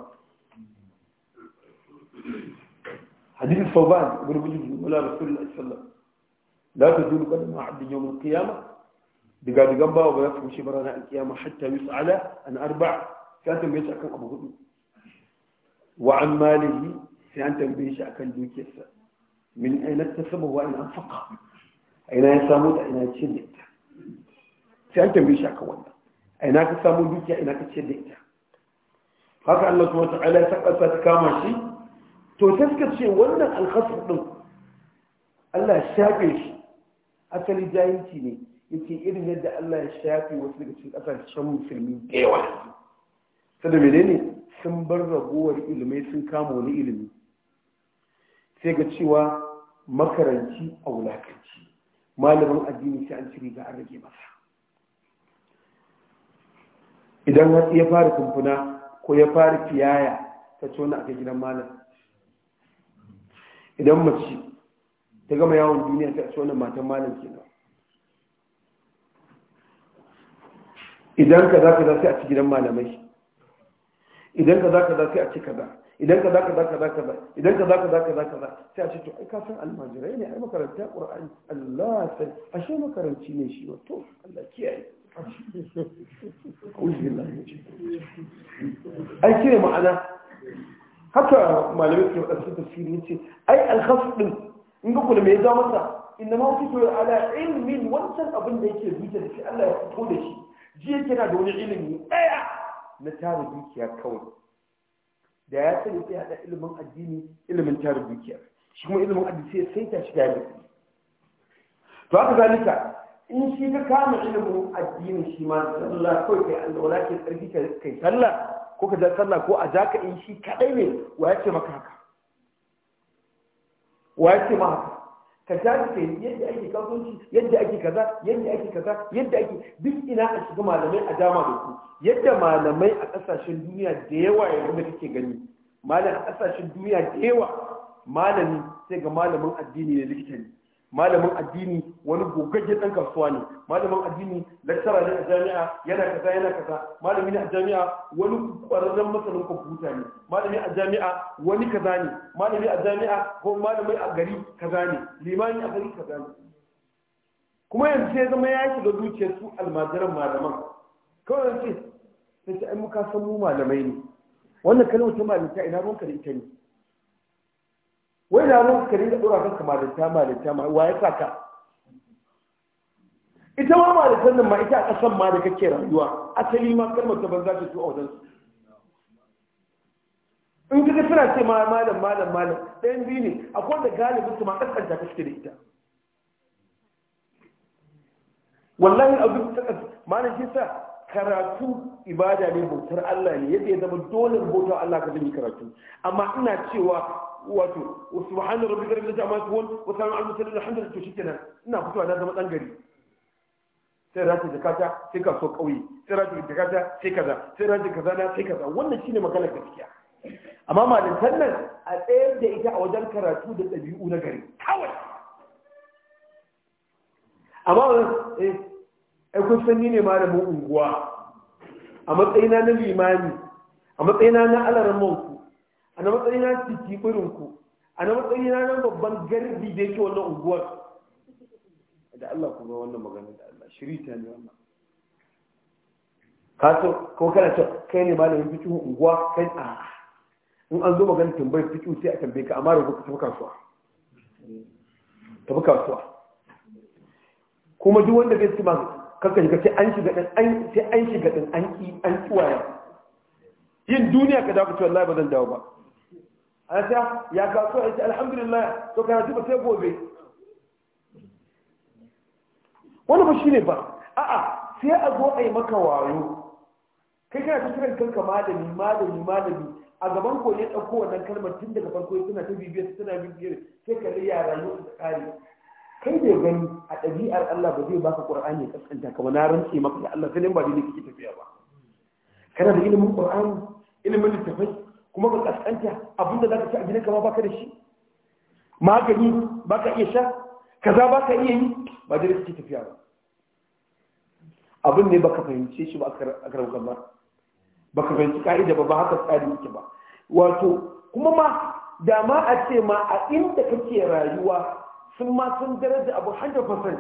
حديث الثوبان ابن بجد ولا رسول الله صلى الله عليه وسلم لا تزول قدم عبد يوم القيامة دقا دقا باو بيفهم شبرانا القيامة حتى يسأل عن أربع ka tambaye shi akan abu hudu wa an malihi sai an tambaye shi akan dukiyarsa min aina tasaba wa ina faqa aina ya samu ta ina ce da ita sai an tambaye shi akan wannan aina ka samu dukiya ina ka ce da ita haka Allah subhanahu wa ta'ala ya saka ta kama shi to ce wannan alkhasr din Allah ya shafe shi asali jahilci ne yake irin yadda Allah ya shafe wasu daga cikin kasashen musulmi da yawa sada menene sun bar raguwar ilimai sun kama wani ilimi sai ga cewa makaranci a wulakanci malamin addini sai an ciri ga an rage masa idan hatsi ya fara kumfuna ko ya fara fiyaya ta tona a gidan malam idan mace ta gama yawon duniya ta tona matan malam kenan idan ka za ka za sai a ci gidan malamai idan ka za ka za sai a ce kaza idan ka za ka za ka za kaza idan ka za ka za ka za kaza sai a ce to ai ka san almajirai ne ai makaranta qur'ani Allah sai ashe makaranci ne shi to Allah kiyaye ai kire ma'ana haka malamai ke wadansu tafsiri ce ai alkhasf din in ga kula me ya masa inna ma fito ala ilmin wancan abin da yake zuciya da shi Allah ya fito da shi ji yake na da wani ilimi daya na tara dukiya kawai da ya sani sai haɗa ilimin addini ilimin tara dukiya shi kuma ilimin addini sai sai ta shiga ya to haka zalika in shi ka kama ilimin addini shi ma sallah kawai kai Allah alwala ke tsarki kai sallah ko ka ja sallah ko a ja ka in shi kaɗai ne wa ya ce maka haka wa ya ce ma haka ka tashi ka yi yadda ake kasuwanci yadda ake kaza yadda ake kaza yadda ake duk ina a shiga malamai a dama da ku yadda malamai a kasashen duniya da yawa ya da kake gani malam a ƙasashen duniya da yawa malami sai ga malamin addini ne likita ne malamin addini wani gogaggen dan kasuwa ne malamin addini lattara ne a jami'a yana kaza yana kaza malami ne a jami'a wani kwararren masanin kwamfuta ne malami a jami'a wani kaza ne malami a jami'a ko malamai a gari kaza ne limani a gari kaza ne kuma yanzu sai zama ya yi shiga zuciyar su almajiran malaman kawai yanzu sai sai ai muka san mu malamai ne wannan kalmar ta malamta ina ruwanka da ita ne wai na ruwan ka da ɗora kanka malinta malinta wa ya sa ka ita ma malitan nan ma ita a ƙasan ma da kake rayuwa asali ma kalmar ta banza ta su a wajen su in ga suna ce malam malam malam ɗayan biyu ne akwai wanda galibin su ma ƙasƙanta ka suke da ita wallahi abin ta ƙasa malam shi sa karatu ibada ne bautar Allah ne yadda ya zama dole bautar Allah ka zai karatu amma ina cewa wato subhana rabbika rabbil izzati amma yasifun wa salamun alal mursalin alhamdulillah to shikenan ina fitowa na zama dan gari sai rati kata sai ka so kauye sai rati kata sai kaza sai rati kaza na sai kaza wannan shine magana gaskiya amma malintan nan a tsayar da ita a wajen karatu da ɗabi'u na gari kawai amma eh, ai kun san ni ne malamin unguwa a matsayina na limani a matsayina na alaramanku a na matsayina ku, a na matsayina na babban garbi da yake wannan unguwar da Allah kuma wannan magana da Allah shirita ne wannan kaso ko kana ta kai ne malamin fikihu unguwa kai a in an zo magana tambayar fikihu sai a tambaye ka amma rubuta tafi kasuwa tafi kasuwa kuma duk wanda bai ci kakan ka sai an shiga din an sai an shiga din an ki an kiwaya yin duniya ka dawo ce wallahi ba zan dawo ba an sai ya ka so ai alhamdulillah to kana tuba sai gobe wani ba shine ba a'a sai a zo ai maka wayo kai kana cikin kanka malami malami malami a gaban ko ne ɗauko wannan kalmar tun daga farko suna ta bibiyar suna bibiyar sai ka ga yara yau su kare kai bai gani a ɗabi'ar Allah ba zai baka Qur'ani ya kaskanta ka na rantse maka da Allah sai ba dai kike tafiya ba kana da ilimin Qur'ani ilimin littafai kuma ka ƙasƙanta abinda zaka ci a gidan ma baka da shi magani baka iya sha kaza baka iya yi ba dai kike tafiya ba abin ne baka fahimce shi ba a karaukan ba baka fahimci ka'ida ba ba haka tsari yake ba wato kuma ma dama a ce ma a inda kake rayuwa sun ma sun daraja abu 100%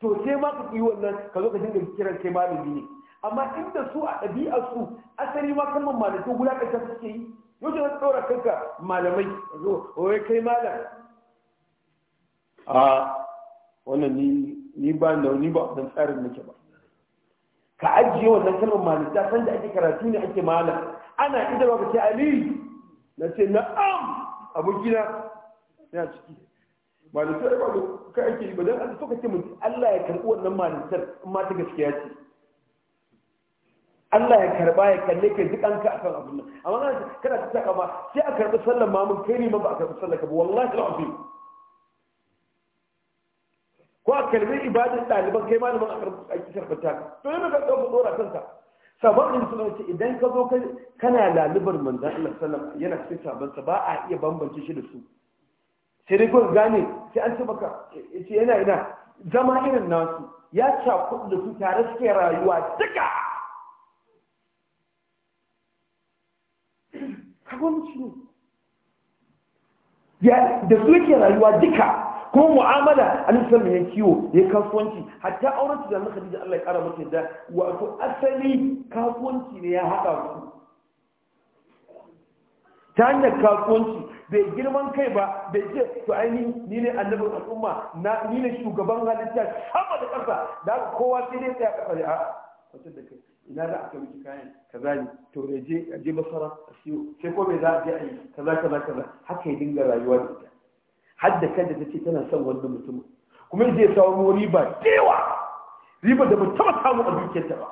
to sai ma ka yi wannan ka zo ka dinga kiran kai malami ne amma inda su a ɗabi'a su asali ma kan malamai ƙasa suke yi yau da zan ɗora kanka malamai zo wai kai malam a wannan ni ni ba na ni ba dan tsarin nake ba ka ajiye wannan kalmar malamai san da ake karatu ne ake malam ana idan ka ce ali na ce na'am abokina na ciki malitar ba da ka ake yi ba don an suka ce mutum Allah ya karɓi wannan malitar in ma ta gaskiya ce Allah ya karɓa ya kalle kai duk an ka akan abin nan amma kana kana ta saka ba sai a karɓi sallar ma mun kai ne ma ba a karɓi sallar ka ba wallahi alazim ko a karɓi ibadar ɗaliban kai malamin a karɓi a karɓi ta to yana ka ɗauka ɗora kanka sabon ɗin suna ce idan ka zo kana lalubar manzan Allah sallam yana cikin sabansa ba a iya bambance shi da su sai dai kawai gane sai an ce maka ce yana ina zama irin nasu ya cakuɗu da su tare suke rayuwa duka ci ne da su yake rayuwa duka kuma mu'amala a nufin ya kiwo ya kasuwanci hatta auren su da na da Allah ya kara mata da wato asali kasuwanci ne ya haɗa su ta hanyar kasuwanci bai girman kai ba bai ce to aini ni ne annabin al'umma na ni ne shugaban halitta sama da ƙasa da aka kowa sai dai tsaya ƙasa da a wata da kai ina za a kai kayan kaza ne to da je a je basara a siyo sai ko bai za a je a yi kaza kaza kaza haka ya dinga rayuwa da ita har da kanta ta ce tana son wannan mutumin kuma ya je samu riba dewa riba da ba taɓa samu a dukiyarta ba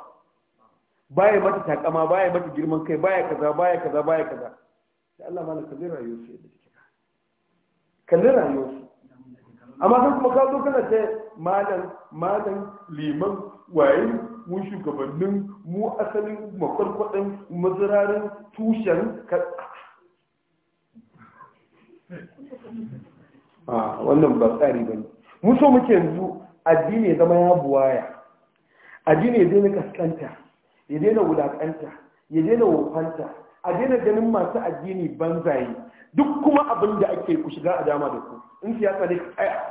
baya mata takama baya mata girman kai baya kaza baya kaza baya kaza sai Allah malam ka bi rayuwarsu yadda take ka kalli rayuwarsu amma sai kuma ka zo kana ta malam malam liman waye mu shugabannin mu asalin makwarkwadon mazirarin tushen ka a wannan ba tsari ba ne mu so muke yanzu addini ya zama ya buwaya addini ya daina kaskanta ya daina wulakanta ya daina wofanta a daina ganin masu addini banzaye duk kuma abin da ake ku shiga a dama da ku in siyasa ne ka tsaya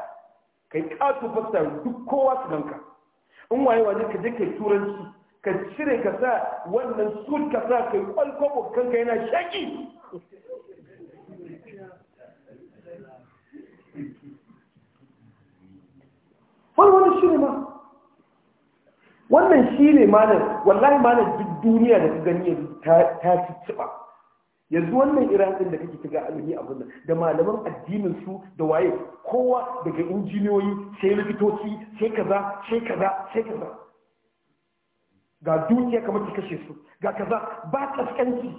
kai su fasta duk kowa su ganka in waye waje ka je kai turanci ka cire ka sa wannan suit ka sa kai kwalkwabo kanka yana shaki wani shi ne ma wannan shi ne malam wallahi malam duk duniya da ka gani yanzu ta ci ciba yanzu wannan irakin da kake kiga alimi a nan da malaman addinin su da waye kowa daga injiniyoyi sai likitoci sai kaza sai kaza sai kaza ga duniya kamar ta kashe su ga kaza ba kaskanci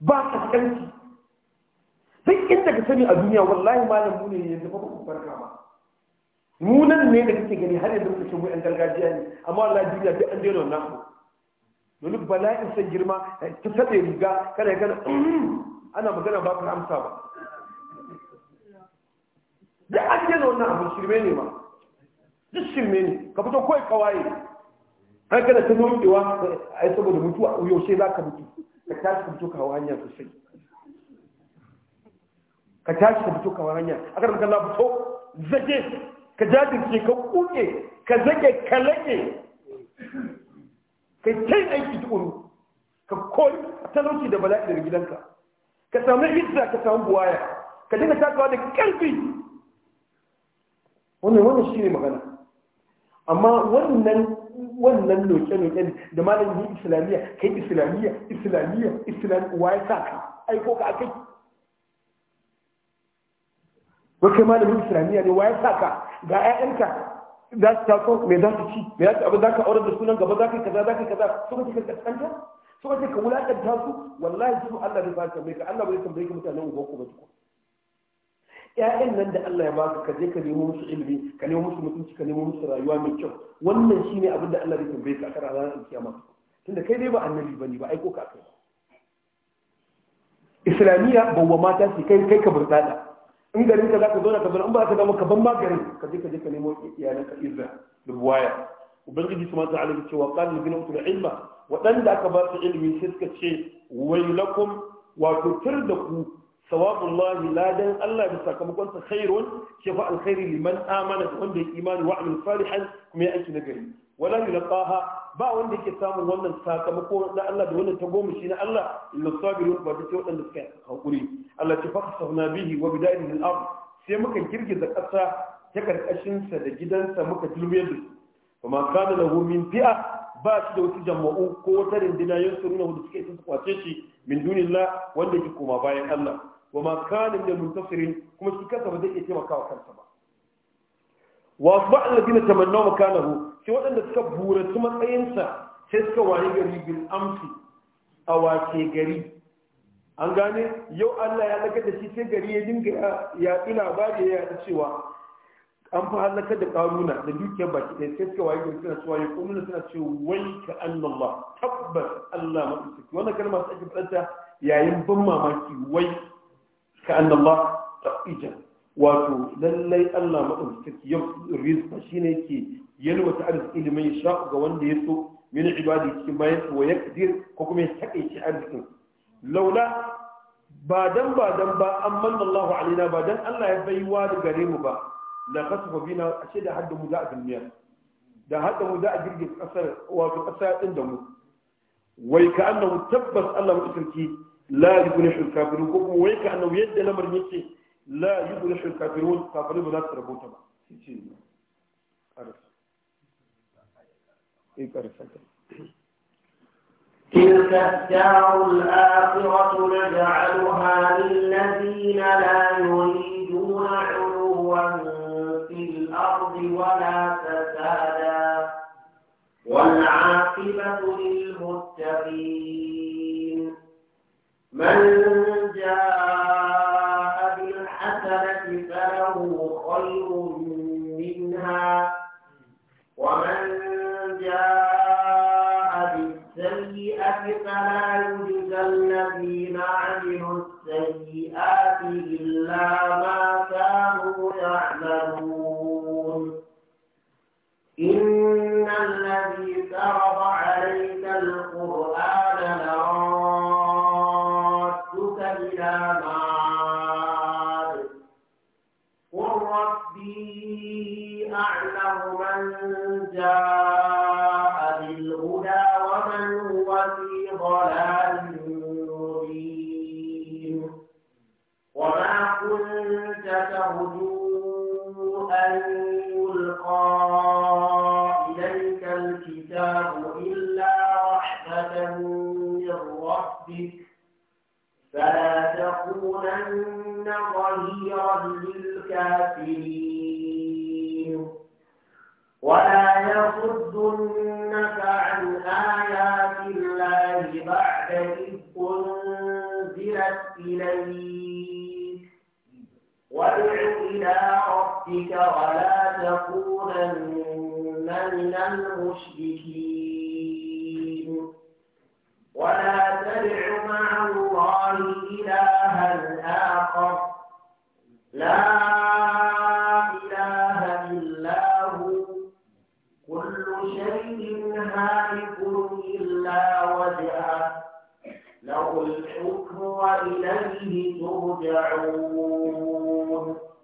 ba kaskanci duk inda ka sani a duniya wallahi malam mu ne yanzu ba ku farka ba mu ne da kake gani har yanzu kake ce gargajiya ne amma Allah duniya duk an daina wannan abu domin bala'in san girma eh, ta sabe riga kana kana mm, ana magana ba ka amsa ba da an daina wannan abu shirme ne ma duk shirme ne ka fito kawai kawaye har kana ta nokewa eh, a yi saboda mutuwa yaushe za ka mutu ka tashi ka fito kawai hanya sosai ka tashi ka fito kawai hanya akan kan fito zaje ka jajirce ka kuke ka zage ka lage ka kai aiki tukuru ka koyi talauci da bala'i daga gidanka ka samu izza ka samu buwaya ka dinga takawa da karfi wannan wannan shi ne magana amma wannan wannan loke-loke da malam yi islamiyya kai islamiyya islamiyya islamiyya ya sa ka aiko ka akai wai kai malamin islamiyya ne ya sa ka ga ƴaƴanka za su taso me za su ci me za su abu za ka aure da sunan gaba za ka yi kaza za ka yi kaza suka ce ka kaskanta suka ce ka wulakanta su wallahi su Allah zai fara tambaye ka Allah bai tambaye ka mutanen uban ku ba ƴaƴan nan da Allah ya baka ka je ka nemo musu ilimi ka nemo musu mutunci ka nemo musu rayuwa mai kyau wannan shine abin da Allah zai tambaye ka a ranar kiyama tunda kai dai ba annabi bane ba aiko ka kai islamiyya bawwa mata ce kai kai ka burtsada in garin ka za ka zauna ka zauna in ba ka zama ka ban magarin ka je ka je ka nemo iyalan ka izza da ubangiji su masu alaƙi cewa ƙalin gina utul ilma waɗanda aka ba su ilimi sai suka ce wailakum wato da ku sawabullahi ladan Allah da sakamakon sa khairun ke fa alkhairi liman amana wanda ya imani wa amil salihan kuma ya aiki nagari wala yulqaha ba wanda yake samun wannan sakamako na Allah da wannan tagomashi na Allah illa sabirun ba duk waɗanda suka hakuri Allah ta faka sahna bihi wa bidaihi al-ard sai muka girgiza ƙasa ta karkashin sa da gidansa muka tulmiyar da su kuma kana lahu min fi'a ba shi da wasu jama'u ko wata rindina yansuruna wanda suka isa su kwace shi min dunillah wanda yake koma bayan Allah wa ma kana min muntafirin kuma shi kansa ba zai iya taimakawa kansa ba wa asba alladina tamannaw makanahu sai waɗanda suka buranci matsayinsa sai suka wayi gari bil amsi a gari an gane yau Allah ya laka da shi sai gari ya dinga ya ina da ya yaɗa cewa an fi halaka da karuna da dukiyar baki ɗaya sai suka waye gari suna cewa ya suna ce wai ka annallah tabbas Allah maɗaukaki wannan kalma su ake faɗanta yayin ban mamaki wai ka annallah ta'ijan wato lallai Allah madaukaki ya ne ke yake yalwata arziki liman yasha ga wanda ya so min ibadi cikin bayan wa yakdir ko kuma ya takeice arzikin laula ba dan ba dan ba amman Allahu alaina ba dan Allah ya baiwa da gare mu ba la khasfa bina ashe da hadda mu za a duniya da hadda mu za a girge kasar wato kasa din da mu wai ka annahu tabbas Allah mutunci la yukunu kafirun ko kuma wai ka annahu yadda lamarin yake لا yuflihu الكافرون تقريبا kafirai ba za تلك الدار الآخرة نجعلها للذين لا يريدون علوا في الأرض ولا فسادا والعاقبة للمتقين من جاء ما كانوا يعملون إن الذي فرض عليك القرآن لرادك إلى معاد قل ربي أعلم من جاء ترجو أن يلقى إليك الكتاب إلا رحمة من ربك فلا تكونن للكافرين ولا يصدنك عن آيات الله بعد إذ أنزلت فارجع إلى ربك ولا تكونن من المشركين ولا تدع مع الله إلها آخر لا وإليه ترجعون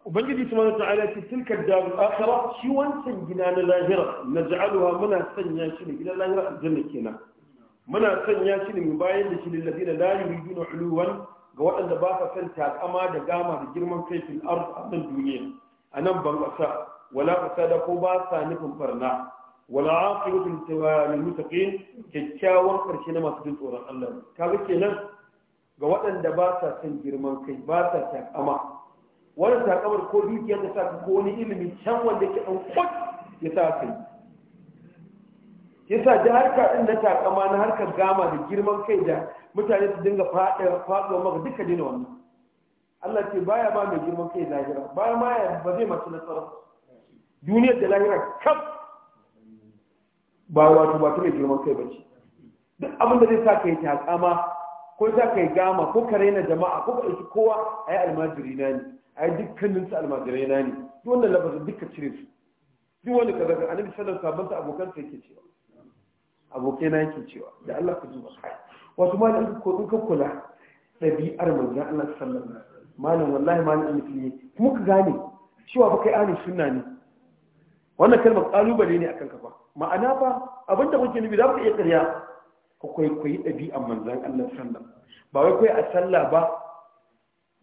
Ubangiji su manata ala ce tilkar daru akara shi wancan gida na lahira na ja'aluwa muna sanya shi ne gidan lahira aljanna kenan muna sanya shi ne mu bayan da shi lillazi na la yuriduna uluwan ga waɗanda ba sa san takama da gama da girman kai fil a nan duniya a nan ban ƙasa wala fasada ko ba sa nufin barna wala aqibatu lil muttaqin kyakkyawan karshe na masu jin tsoron Allah kaga kenan ga waɗanda ba sa son girman kai ba sa takama wani takamar ko dukiyar da sa ko wani ilimi can wanda ke ɗan kwat ya sa kai sa ji harka ɗin na takama na harkar gama da girman kai da mutane su dinga faɗuwa maka duka na wannan Allah ce baya ba mai girman kai lahira baya ma ya ba zai mace nasara duniyar da lahira kaf ba wato ba ta mai girman kai ba ce duk abin da zai sa ka yi takama ko za ka yi gama ko ka raina jama'a ko ka ɗauki kowa a yi almajiri na ne a yi dukkanin su almajirai na ne duk wannan lafazin duka cire su duk wani ka zaga annabi sallallahu alaihi wasallam abokan sa yake cewa abokai na yake cewa da Allah ka duba kai wato ma da ko in kula ɗabi'ar manzo Allah sallallahu alaihi wasallam malam wallahi malam annabi ne kuma ka gane cewa ba kai ahli sunna ne wannan kalmar kalubale ne akan ka fa ma'ana fa abinda kuke nufi za ku iya ƙarya ku kwaikwayi ɗabi'an manzan Allah sallah ba wai kai a sallah ba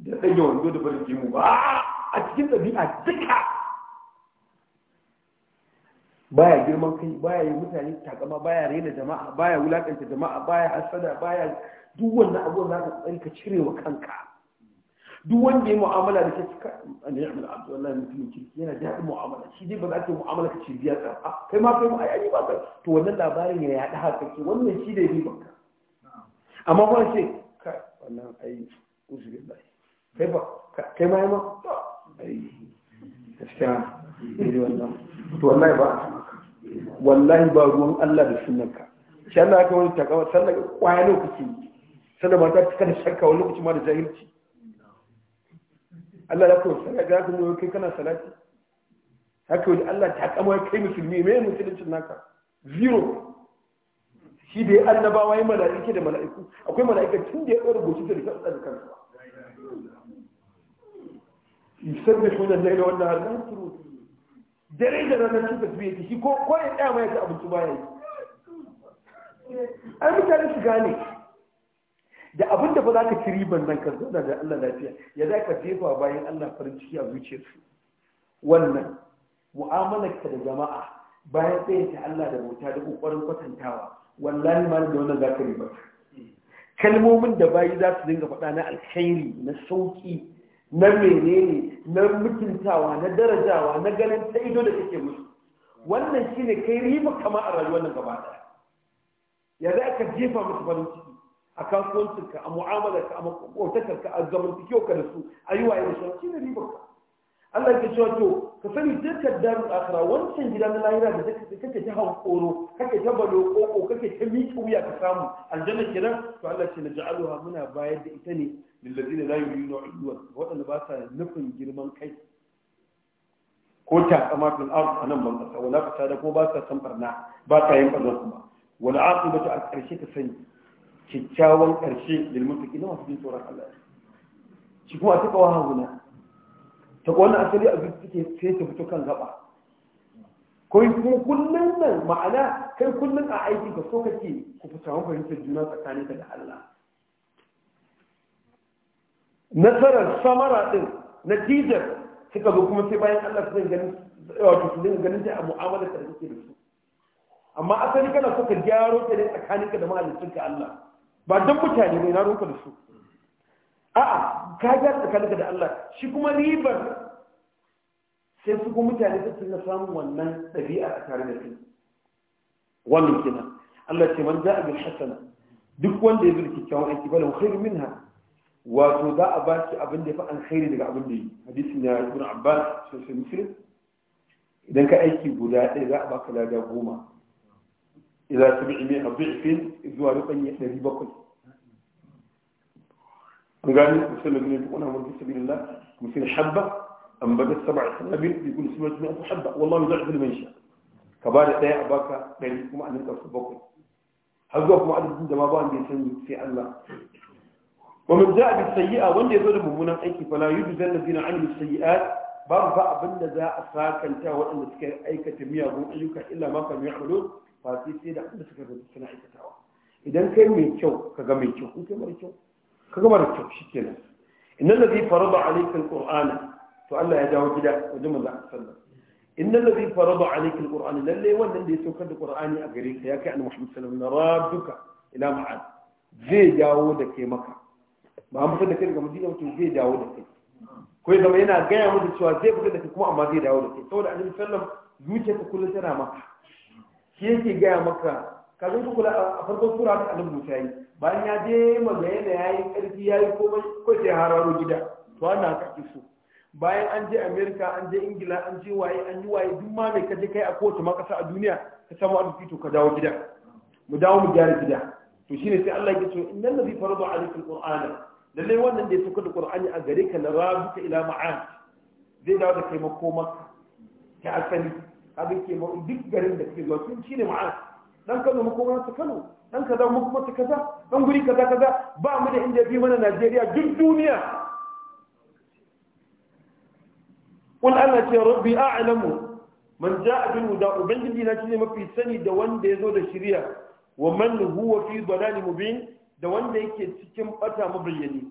da ɗage wando da barin jimu ba a cikin ɗabi'a duka baya girman kai baya yi mutane takama baya raina jama'a baya wulakanta jama'a baya hasada baya duk wannan zaka za ka tsarka cirewa kanka duk wanda ya mu'amala da kake an yi amala abdu wallahi mutumin kirki yana daɗin mu'amala shi dai ba za ka mu'amala ka ce biya ka kai ma kai mu yi ba ka to wannan labarin ya yaɗa haka ke wannan shi da riba ka amma kuma ce kai wannan ai usurin bai kai ba kai ma ma ai gaskiya ne wannan to wallahi ba wallahi ba ruwan Allah da sunnanka shi Allah ya kawo ta kawo sallar kwaya lokaci sallar mata ta kada shakka wani lokaci ma da jahilci Allah ya kuma sana ga su kai kana salati haka wani Allah ta kama kai musulmi me musulunci naka zero shi da ya annabawa ya mala'ike da mala'iku akwai mala'ika tun da ya ɗora goshi da rikar tsar kansa yusar da shi wannan laila wannan har turu dare da ranar cin tasbi ta shi ko ko ya ɗaya mai ta abinci baya yi an mutane su gane da abin da ba za ka ci riban nan ka zauna da Allah lafiya ya za ka jefa bayan Allah farin ciki a su? wannan mu'amalar ka da jama'a bayan tsayin ta Allah da bauta da kokarin kwatantawa wallahi ma da wannan za ka riba kalmomin da bayi za su dinga faɗa na alkhairi na sauki na menene na mutuntawa na darajawa na ganin ta ido da kake musu wannan shine kai riba kama a rayuwar nan gaba ɗaya ya za ka jefa musu farin ciki a kasuwancinka a mu'amalarka a makotarka a zamantakewarka da su a yi waye da shi shi ne ribarka Allah ke cewa to ka sani dukkan darul akhira wancan gida na lahira da kake ta hankoro kake ta balo koko kake ta miƙi wuya ka samu aljanna kenan to Allah ce naj'aluha muna bayar da ita ne lillazina la yuridu ulwan waɗanda ba sa nufin girman kai ko taƙama fil ard anan ban kasa wala fasada ko ba sa san barna ba ta yin a kuma wal aqibatu al karshe ka sani kyakkyawan ƙarshe da lilmuttaki na masu jin tsoron Allah ya shi kuma ta kawo haguna ta kawo asali a duk take sai ta fito kan gaba kai kuma kullum nan ma'ana kai kullum a aiki ka so kake ku fitawa fahimtar juna tsakanin daga Allah nasarar samara din natijar suka zo kuma sai bayan Allah su ganin wato su dinga ganin ta a mu'amalar da kake da su amma asali kana so ka gyaro ta ne tsakanin ka da mahalicin ka Allah ba don mutane ne na roƙa da su a'a ka ga tsakaninka da Allah shi kuma ribar sai su kuma mutane su na samun wannan ɗabi'a a tare da su wannan kenan Allah ce man za'a bil hasana duk wanda ya zurki kyawun aiki ba bala khairu minha wato za a ba shi abin da ya fi an khairi daga abin da yi hadisi na ibn abbas sai muslim idan ka aiki guda ɗaya za a baka lada goma إذا سمعنا ضعف إذوا لقن يحلي بقل قال مسلم من يبقون أمر في سبيل الله مثل حبة أم بدت سبع سنابل يقول سمعت مئة حبة والله يضعف لمن شاء كبار تايع باكا بينكم يعني أن نكسر بقل هزوكم عدد ما بان يسمي في الله ومن جاء بالسيئة وان يزول ممونا أيك فلا يجزى الذين عملوا السيئات بارفع بن ذا أساكا تاول أن أيك تمية أيك إلا ما كانوا يعملون fasi sai da abin suka rubuta suna aikatawa idan kai mai kyau mai kyau in kai mara kyau mara kyau shikenan inna allazi farada alayka alqur'ana to Allah ya dawo gida wajen manzo sallallahu inna allazi farada alayka alqur'ana lalle wannan da ya saukar da qur'ani a gare ka ya kai annabi Muhammad sallallahu alaihi wasallam rabbuka ila ma'ad zai dawo da kai maka ba da kai daga madina zai dawo da kai ko zama yana gaya musu cewa zai fita da kai kuma amma zai dawo da kai saboda annabi sallallahu alaihi wasallam kullum tana maka shi yake gaya maka kafin ku kula a farkon sura ta annabi Musa yi bayan ya je magana yayi karfi yayi komai ko sai hararo gida to ana kake so bayan an je America an je Ingila an je waye an yi waye duk ma mai kaje kai a kowace makasa a duniya ka samu arziki to ka dawo gida mu dawo mu gyara gida to shine sai Allah ya ce innal ladhi farada alayka alqur'ana lalle wannan da ya saukar da qur'ani a gare ka la rabuka ila ma'an zai dawo da kai makoma ta asali haka ke ma duk garin da ke zuwa sun ne ma'ana dan Kano mu kuma Kano dan kaza mu kuma ta kaza dan guri kaza kaza ba mu da inda bi mana Najeriya duk duniya kun Allah ce rabbi a'lamu man ja'a bil huda ubangiji na shine mafi sani da wanda ya zo da shari'a wa man huwa fi dalalin mubin da wanda yake cikin bata mabayyani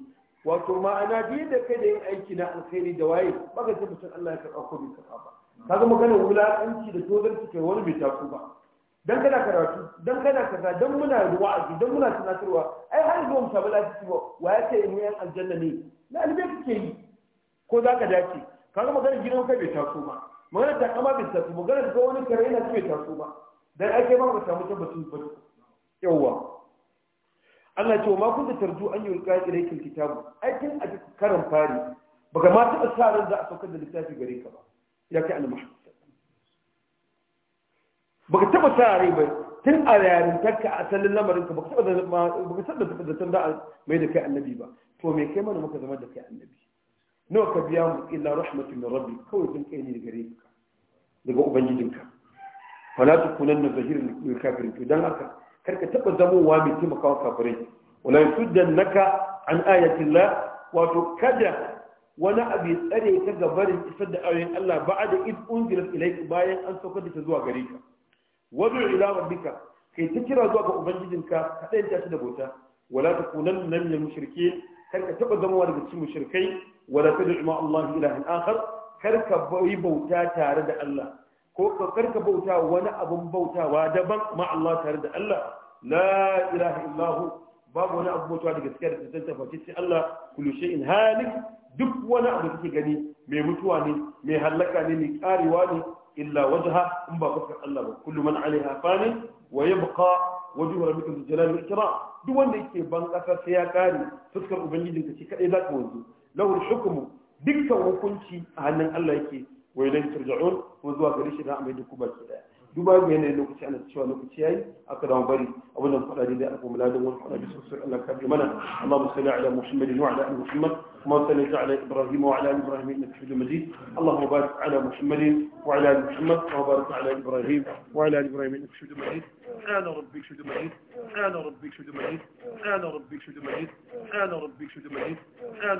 wato ma'ana bi da kai da yin aiki na alkhairi da waye baka tabbacin Allah ya karɓa ko bai ka ba ka ga magana wulaƙanci da tozarci kai wani bai taku ba dan kana karatu dan kana kaza dan muna wa'azi dan muna tunatarwa ai har zuwa mu samu lafiya ba wa ya ce yan aljanna ne na albe kake yi ko za ka dace ka ga magana gidan kai bai taku ba magana ta kama bai taku magana ga wani kare yana bai taku ba dan ake ba ma ba samu tabbacin ba yawwa Allah ce ma kun da tarju an yi ulka ilaikin kitabu ai tun a karan fari baka ma taɓa sa ran za a saukar da littafi gare ka ba ya kai annabi Muhammad baka taba sa rai ba tun a yarin tarka a asalin lamarin ka baka taba baka taba taba da tunda mai da kai annabi ba to me kai mana muka zama da kai annabi nawa ka biya mu illa rahmatun min rabbi kawai jin kai ne daga ka daga ubangijinka fala tukunanna zahirin lil kafirin to dan haka karka taba zamowa mai taimakawa kafirai wala yusaddannaka an ayati llah wato kada wani abu tsare ka gabarin isar da ayoyin Allah ba da id unzilat ilayka bayan an saukar da ta zuwa gare ka wadu ila rabbika kai ta kira zuwa ga ubangijinka ka ta shi da bauta wala takunanna min al-mushrikeen kar ka taba zama daga cikin mushrikai wala tad'u ma Allah ilahan akhar kar ka bai bauta tare da Allah ko kar ka bauta wani abun bautawa daban ma Allah tare da Allah la ilaha illahu babu wani abu mutuwa da gaskiya da tantance face sai Allah kullu in halik duk wani abu da kake gani mai mutuwa ne mai hallaka ne mai karewa ne illa ha in ba fuskar Allah ba kullu man alaiha fani wa wajen wajhu rabbika da jalali wal duk wanda yake ban kasa sai ya kare fuskar ubangijin ka ce kaɗai za ka wanzu lahu al dukkan hukunci a hannun Allah yake wa ilayhi turja'un kuma zuwa gare shi da amai duk baki daya duba ga yanayin lokaci ana cewa lokaci yayi aka dawo bari abin da mu faɗa dai aka mula da wani faɗa bisa sura Allah ka bi mana Allahumma salli ala Muhammadin wa ala Muhammad kuma salli ala Ibrahim wa ala Ibrahim innaka Hamidum Majid Allahumma barik ala Muhammadin wa ala Muhammad wa barik ala Ibrahim wa ala Ibrahim innaka Hamidum Majid أنا ربك شد مجيد أنا ربك شد مجيد أنا ربك شد مجيد أنا ربك شد مجيد